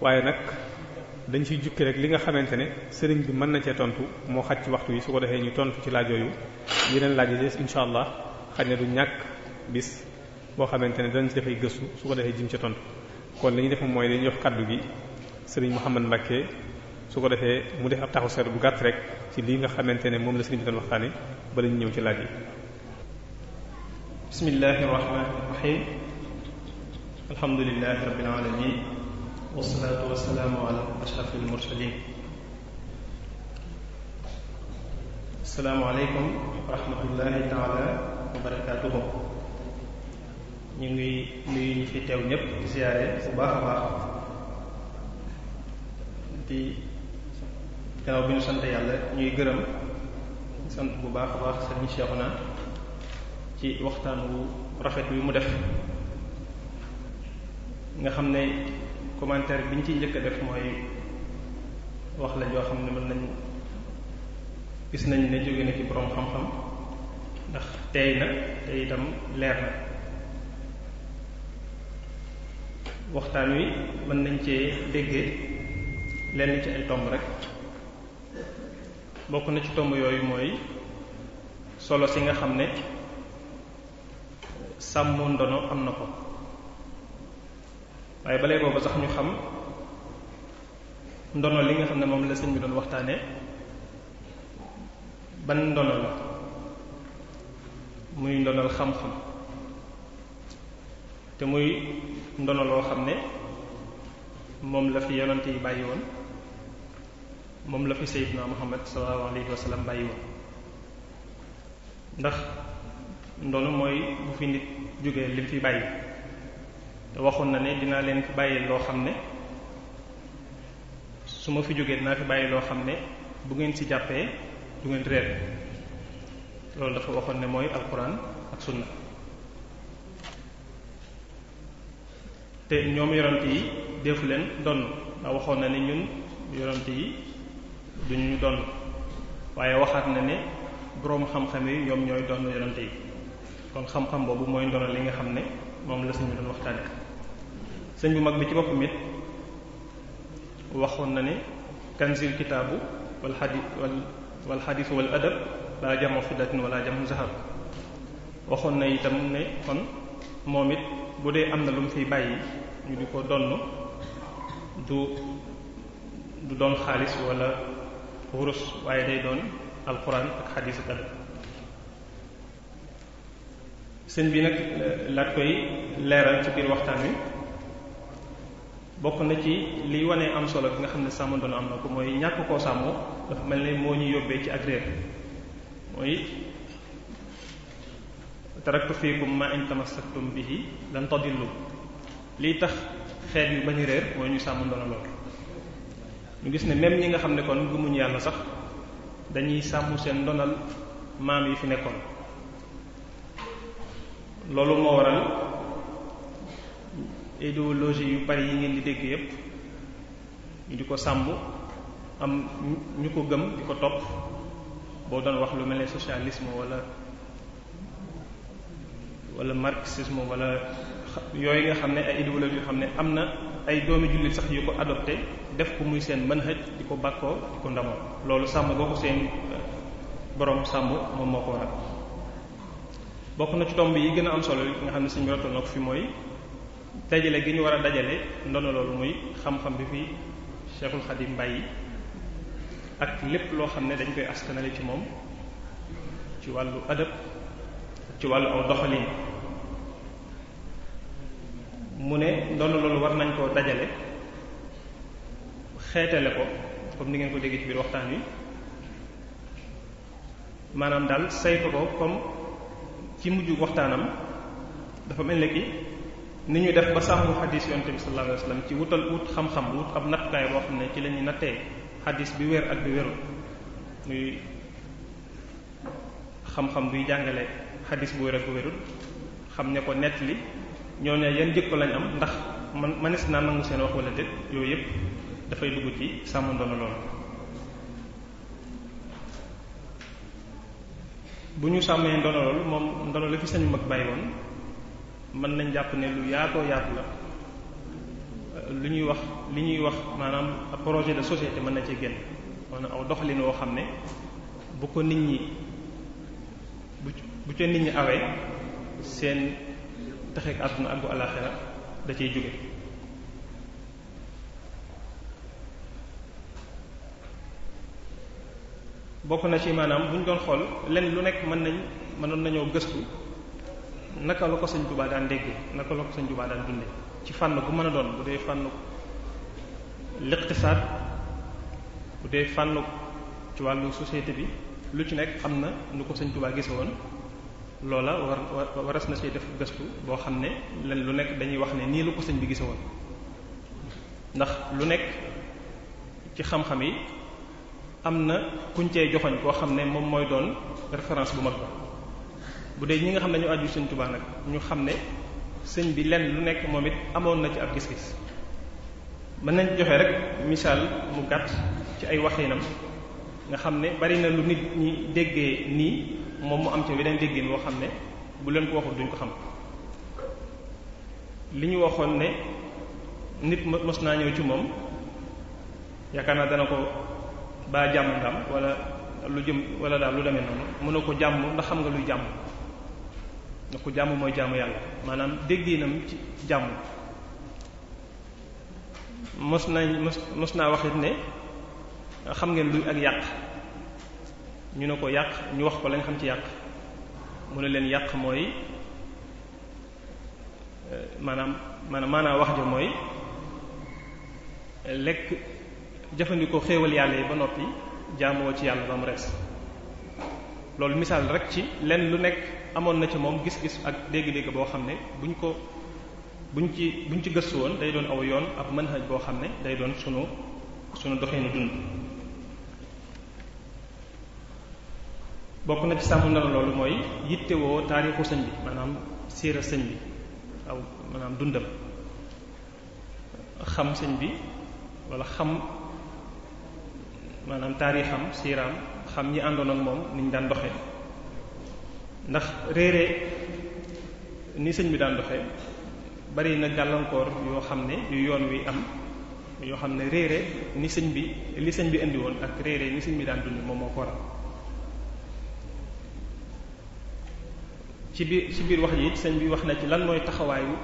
waaye nag dañu ciy jukki rek li nga xamante ne sëriñ bi mën na cee tontu moo xaj ci waxtu yi su ko defee ñu tontu ci laaj yooyu yeneen laaj yi des incha allah xaj na du ñàkk bis boo xamante ne dañ ci dafay gëstu su ko defee jim ci tontu kon li ñu def mooy dañuy jox kaddu gi sëriñ Mouhamad Mbacke su ko defee mu def ab taxu seet bu gàtt rek ci lii nga xamante ne moom la sëriñ bi doon waxtaane ba lañu ñëw ci laaj yi. bismillahir rahmanir alhamdulillahi rabbil wasalaatu wasalaamu ala ashrafil mursalin asalaamualeykum wa rahmatullahi taala wa barakaatuhu ñu ngi nuyu fi teew ñépp di bu baax a baax di gannaaw bi ñu sant yàlla ñuy gërëm sant bu baax a baax sëriñ Cheikhouna ci waxtaan wu rafet wi mu def nga xam ne commentaire bi ñu ciy njëkk a def mooy wax la joo xam ne mën nañ gis nañ ne jóge na ci boroom xam-xam ndax tey na te itam leer na waxtaan wi mën nañ cee déggee lenn ci ay tomb rek bokk na ci tomb yooyu mooy solo si nga xam ne sàmm ndono am na ko waaye balee boobu sax ñu xam ndono li nga xam ne moom la sëñ bi doon waxtaane ban ndono la muy ndonal xam-xam te muy ndono loo xam ne moom la fi yonante yi bàyyi woon moom la fi sayyidna Muhammad sallallahu alayhi wa sallam bàyyi woon ndax ndono mooy bu fi nit jógee lim fi bàyyi te waxoon na ne dinaa leen fi bàyyi loo xam ne su ma fi jógee dinaa fi bàyyi loo xam ne bu ngeen ci jàppee du ngeen reer loolu dafa waxoon ne mooy alquran ak sunna te ñoom yonent yi defu leen donn ndax waxoon na ne ñun yonent yi ñu donn waaye waxaat na ne boroom xam-xam yi ñoom ñooy donn yonent yi kon xam-xam boobu mooy ndono li nga xam ne moom la suñu doon waxtaane sëñ bu mag bi ci boppam it waxoon na ne kanzil kitaabu wal xadis wal xadis wal adab laa jamo fiddatin wala jamo zahab waxoon na itam ne kon moom it bu dee am na lu mu fiy bàyyi ñu di ko donn du doon xaalis wala wurus waaye day doon alquran ak xadis ak adab sëñ bi nag laaj koy leeral ci biir waxtaan wi bokk na ci liy wane am solo bi nga xam ne ndono am na ko mooy ñàkk koo sàmmoo dafa mel ne moo ñu yóbbee ci ak réer mooy taraktu fiikum ma in tamassaktum bihi lan tadillu liy tax xeet yu bañu réer mooy ñu sàmmandoona lool ñu gis ne même ñi nga xam ne kon gëmuñu yàlla sax dañuy sàmm seen ndonal maam yi nekkoon loolu moo waral idéologie yu bari yi ngeen di dégg yépp ñu di ko sàmbu am ñu ko gëm di ko topp boo doon wax lu mel ne socialisme wala wala marxisme wala yooyu nga xam ne ay idéologie yoo xam ne am na ay doomi jullit sax yu ko adopté def ko muy seen manhaj di ko bàkkoo di ko ndamoo loolu sàmm boo ko seen uh, borom sàmm moom moo ko waral bokk na ci tomb yi gën a am solo nga xam ne suñu rotal na fi mooy dajale gi ñu war a dajale ndono loolu muy xam-xam bi fi Cheikhul Khadim bàyyi ak lépp loo xam ne dañ koy askanale ci moom ci wàllu adab ci wàllu aw doxalin mu ne ndono loolu war nañ koo dajale xeetale ko comme ni ngeen ko déggee ci biir waxtaan wi maanaam daal saytu ko comme ci mujj waxtaanam dafa mel ne ni ñu def ba sàmm xadis yonte bi sallallahu alayhi ci wutal wut xam-xam wut ab nattukaay boo xam ne ci lañuy ñuy nattee xadis bi wér ak bi wérul muy xam-xam buy jàngale xadis bu wér ak bu wérul xam ne ko nettali ñooñu yan jikko lañ am ndax man manis naa nangu seen wax wala déet yooyu yëpp dafay dugg ci sàmm ndono loolu bu ñu sàmmee ndono loolu moom ndono la fi sañu mag bàyyi woon mën nañ jàpp ne lu yaatoo yaatu la lu ñuy wax li ñuy wax maanaam projet de société mën na ci génn na aw doxalin woo xam ne bu ko nit ñi bu bu ca nit ñi awee seen texeek àdduna ak bu alaxira da cay jóge bokk na ci maanaam bu ñu doon xool lenn lu nekk mën nañ mënoon nañoo gëstu naka la ko sëñ Tuubaa daan déggee naka la ko sëñ Tuubaa daan dunde ci fànn bu mën a doon bu dee fànn liqtisaad bu dee fànn ci wàllu société bi lu ci nekk am na nu ko sëñ Tuubaa gise woon loola war waras na see def gëstu boo xam ne len lu nekk dañuy wax ne nii lu ko sëñ bi gise woon ndax lu nekk ci xam-xam yi am na kuñ cee joxoñ koo xam ne moom mooy doon référence bu mag ba bu dee ñi nga xam ne ñu aju sëñ Tuubaa nag ñu xam ne sëñ bi lenn lu nekk moom it amoon na ci ab gis-gis mën nañ joxe rek misaal mu gàtt ci ay waxinam nga xam ne bari na lu nit ñi déggee nii moom mu am ca beneen déggin boo xam ne bu leen ko duñ ko xam li ñu waxoon ne nit mos naa ñëw ci moom yaakaar naa dana ko baa jàmm ndam wala lu jëm wala daal lu demee noonu mën na ko jàmm ndax xam nga luy jàmm na ko jàmm mooy jàmm yàlla maanaam dégginam ci jàmm mos nañ mos mos naa waxit ne xam ngeen luy ak yàq ñu ne ko yàq ñu wax ko lañ xam ci yàq mu ne leen yàq mooy eh, maanaam maanaam maanaam wax ja mooy lekk jëfandikoo xéewal yàlla yi ba noppi jàmmoo ci yàlla ba mu rees loolu misaal rek ci lenn lu nekk amoon na ci moom gis-gis ak dégg-dégg boo xam ne buñ ko buñ ci buñ ci gëstu woon day doon aw yoon ab manhaj boo xam ne day doon sunu sunu doxeenu dund bokk na ci sàmm nara loolu mooy yittewoo taarixu sëñ bi maanaam siira sëñ bi aw maanaam dundam xam sëñ bi wala xam maanaam taarixam siiraam xam ñi àndoon ak moom niñ daan doxee ndax réere ni sëñ bi daan doxee bari na gàllankoor yoo xam ne yoon wi am yoo xam ne réere ni sëñ bi li sëñ bi indi woon ak réere ni sëñ bi daan dund moom moo ko ci biir ci biir wax yi it sëñ bi wax na ci lan mooy taxawaayu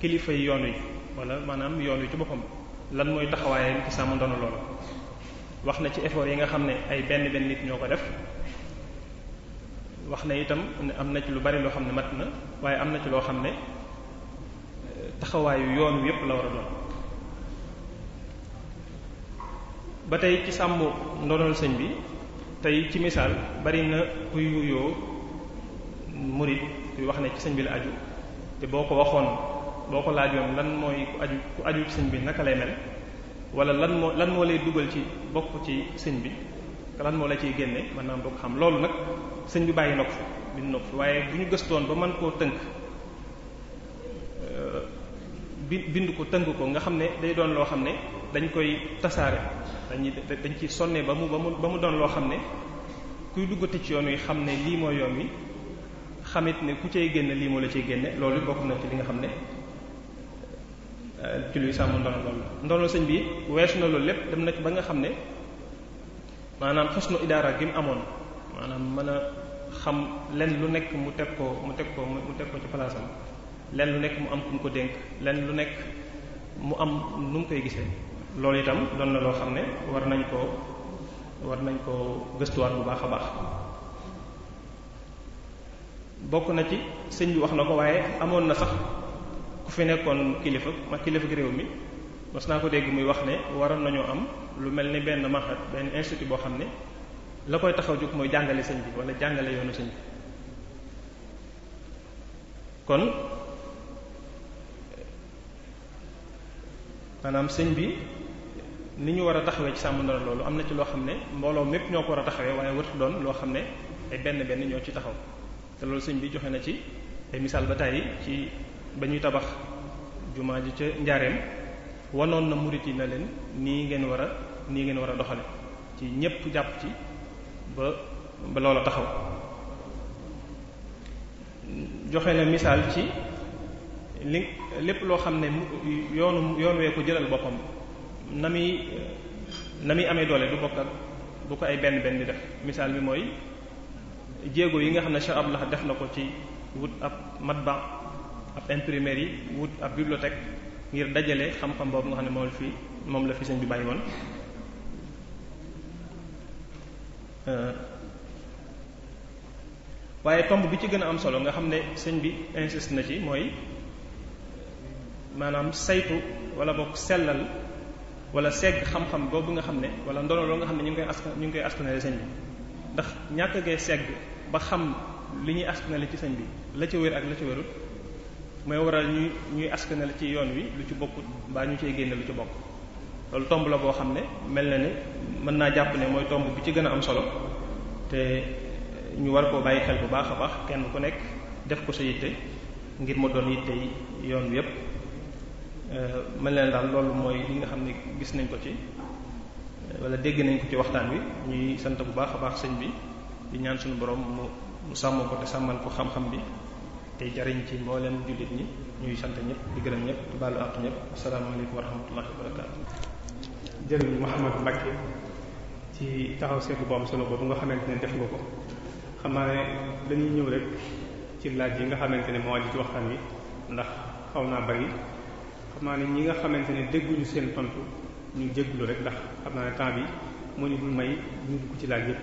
kilifa yi yoon wi wala maanaam yoon wi ci boppam lan mooy taxawaayam ci sàmm ndono loolu wax na ci effort yi nga xam ne ay benn benn nit ñoo ko def wax na itam ne am na ci lu bari loo xam ne mat na waaye am na ci loo xam ne euh, taxawaayu yoonu wi yépp la war a doon ba tey ci sàmm ndonol sëñ bi tey ci misaal bari na ku wuyoo murid wax na ci sëñ bi la aju te boo ko waxoon boo ko laajoon lan mooy ku aju ku aju sëñ bi naka lay mel wala lan moo lan moo lay dugal ci bokk ci sëñ bi lan moo la ciy génne mën naa ko xam loolu nag sëñ bi bàyyi na ko fi bind na waaye bu ñu doon ba man koo tënk euh, bi bind ko tënk ko nga xam ne day doon loo xam ne dañ koy tasaare dañuy dañ ciy sonne ba mu ba mu ba mu doon loo xam ne kuy duggati ci yoon wi xam ne lii mooy yoon wi xamit ne ku cay génne lii moo la ciy génne loolu bokk na ci li nga xam ne euh, ci luy sàmm ndono loolu ndono sëñ bi weesu na loolu lépp dem na ci ba nga xam ne maanaam xusnu idaara gi mu amoon maanaam mën a xam lenn lu nekk mu teg ko mu teg ko mu teg ko ci palaasam lenn lu nekk mu am ku mu ko dénk lenn lu nekk mu am lu mu koy gisee loolu itam doon na loo xam ne war nañ koo war nañ koo gëstuwaat bu baax a baax bokk na ci sëñ bi wax na ko waaye amoon na sax ku fi nekkoon kilifa ma kilifa réew mi mas naa ko dégg muy wax ne waroon nañoo am lu mel ni benn maxat benn institut boo xam ne la koy taxaw jóg mooy jàngale sëñ bi wala jàngale yoonu sëñ bi kon maanaam sëñ bi ni ñu war a taxawee ci sàmm ndara loolu am na ci loo xam ne mbooloo mépp ñoo ko war a taxawee waaye wartu doon loo xam ne ay benn benn ñoo ci taxaw te loolu sëñ bi joxe na ci ay misaal ba tàyyi ci ba ñuy tabax jumaa ji ca njaareem wanoon na murit yi na leen nii ngeen war a nii ngeen war a doxale ci ñépp jàpp ci ba ba loola taxaw joxe na misaal ci li lépp loo xam ne yoonu yoon wee ko jëlal boppam na muy na muy amee doole du bokk ak du ko ay benn benn di def misaal bi mooy jéego yi nga xam ne Cheikh Abdallah def na ko ci wut ab matba ab imprimerie yi wut ab bibliothèque ngir dajale xam-xam boobu nga xam ne moom la fi moom la fi sëñ bi bàyyi woon Euh, waaye tomb bi ci gën a am solo nga xam ne sëñ bi insiste na ci mooy maanaam saytu wala boog sellal wala segg xam-xam boobu nga xam ne wala ndono loo nga xam ne ñu ngi koy askan ñu ngi koy askanale señ bi ndax ñàkk gee segg ba xam li ñuy askanale ci sëñ bi la ca wér ak la ca wérut mooy waral ñuy ñuy askanale ci yoon wi lu ci bokkut mbaa ñu cee génne lu ci bokk loolu tomb la boo xam ne mel na ni mën naa jàpp ne mooy tomb bi ci gën a am solo te ñu war koo bàyyi xel bu baax a baax kenn ku nekk def ko sa yitte ngir ma doon yitte yi yoon wi yépp euh, mel na daal loolu mooy li nga xam ne gis nañ ko ci wala dégg nañ ko ci waxtaan wi ñuy sant bu baax a baax sëñ bi di ñaan suñu borom mu mu ko te sàmmal ko xam-xam bi te jariñ ci mu jullit ñi ñuy sant ñëpp di gërëm ñëpp di baalu àq ñëpp asalaamaaleykum wa rahmatullahi wa jëriñ Mouhamadou Mbacke ci taxaw seetu bu am solo boobu nga xamante ne def nga ko xam naa ne dañuy ñëw rek ci laaj yi nga xamante ne moo aju ci waxtaan wi ndax xaw naa bari xam naa ne ñi nga xamante ne dégguñu seen tontu ñu jégglu rek ndax xam naa temps bi moo ñu dul may ñu dugg ci laaj yëpp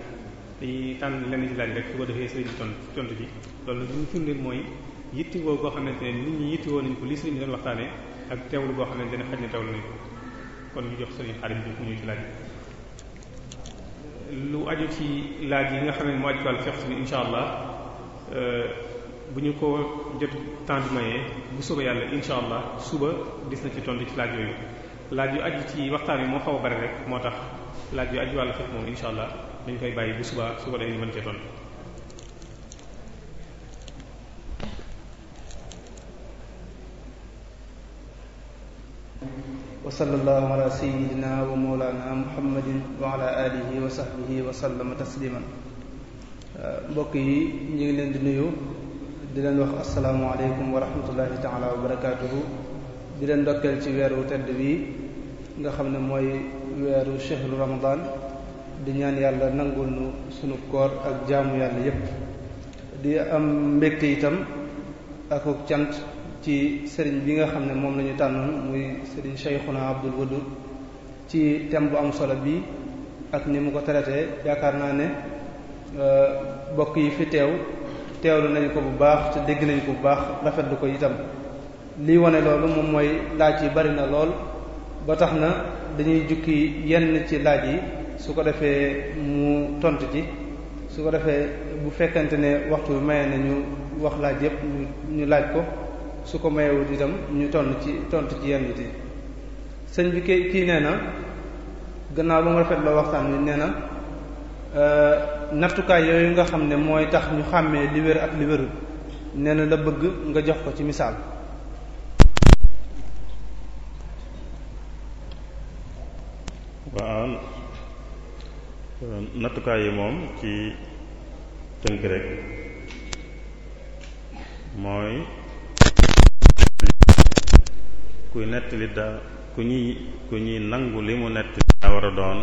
dañuy tànn lenn ci laaj rek su ko defee seen bi tontu tontu ji loolu li ñu firndeel mooy yittewoo goo xamante ne nit ñi woo nañ ko li sëriñ bi doon waxtaanee ak teewlu boo xamante ne xaj na teewlu nañ ko kon ñu jox sëriñ xarit bi mu ñëw ci laaj lu aju ci laaj yi nga xam ne moo aju ci wàllu fiqh bi insha allah euh, bu ñu ko jot temps bi mayee bu suba yàlla insha allah suba dis na ci tontu ci laaj yooyu laaj yu aju ci waxtaan yi moo xaw a bari rek moo tax laaj yu aju wàllu fiqh moom insha allah dañ koy bàyyi bu suba suba dañuy mën cee tontu wa sallallahu ala sayyidina wa mawlana muhammadin wa ala alihi wa sahbihi wa sallama tasliman mbokk yi ñu ngi leen di nuyu di leen wax asalaamualeykum wa rahmatullahi taala wa barakaatuhu di leen ndokkeel ci weeru tedd bi nga xam ne mooy weeru shahru ramadan di ñaan yàlla nangul nu sunu koor ak jaamu yàlla yépp di am mbégte itam ak cant ci sëriñ bi nga xam ne moom la ñu tànnoon muy sëriñ Cheikhuna Abdul Wadud ci thème bu am solo bi ak ni mu ko traité yaakaar naa ne euh, bokk yi fi teew teewlu nañu ko bu baax te dégg nañu ko bu baax rafet rafetlu ko itam lii wane loolu moom mooy laaj yi bari na lool ba tax na dañuy jukki yenn ci laaj yi su ko defee mu tontu ji su ko defee bu fekkante ne waxtu bi maye na ñu wax laaj yépp ñu laaj ko su ko mayewul itam ñu tontu ci tontu ci yenn ti sëñ bi kii kii nee na gannaaw ba nga rafet loo waxtaan wi nee na euh, nattukaay yooyu nga xam ne mooy tax ñu xàmmee li wér ak li nee na la bëgg nga jox ko ci misaal waaw nattukaay yi moom ci tënk rek mooy kuy nettali ku ñuy ku ñuy nangu li mu nettali daa war doon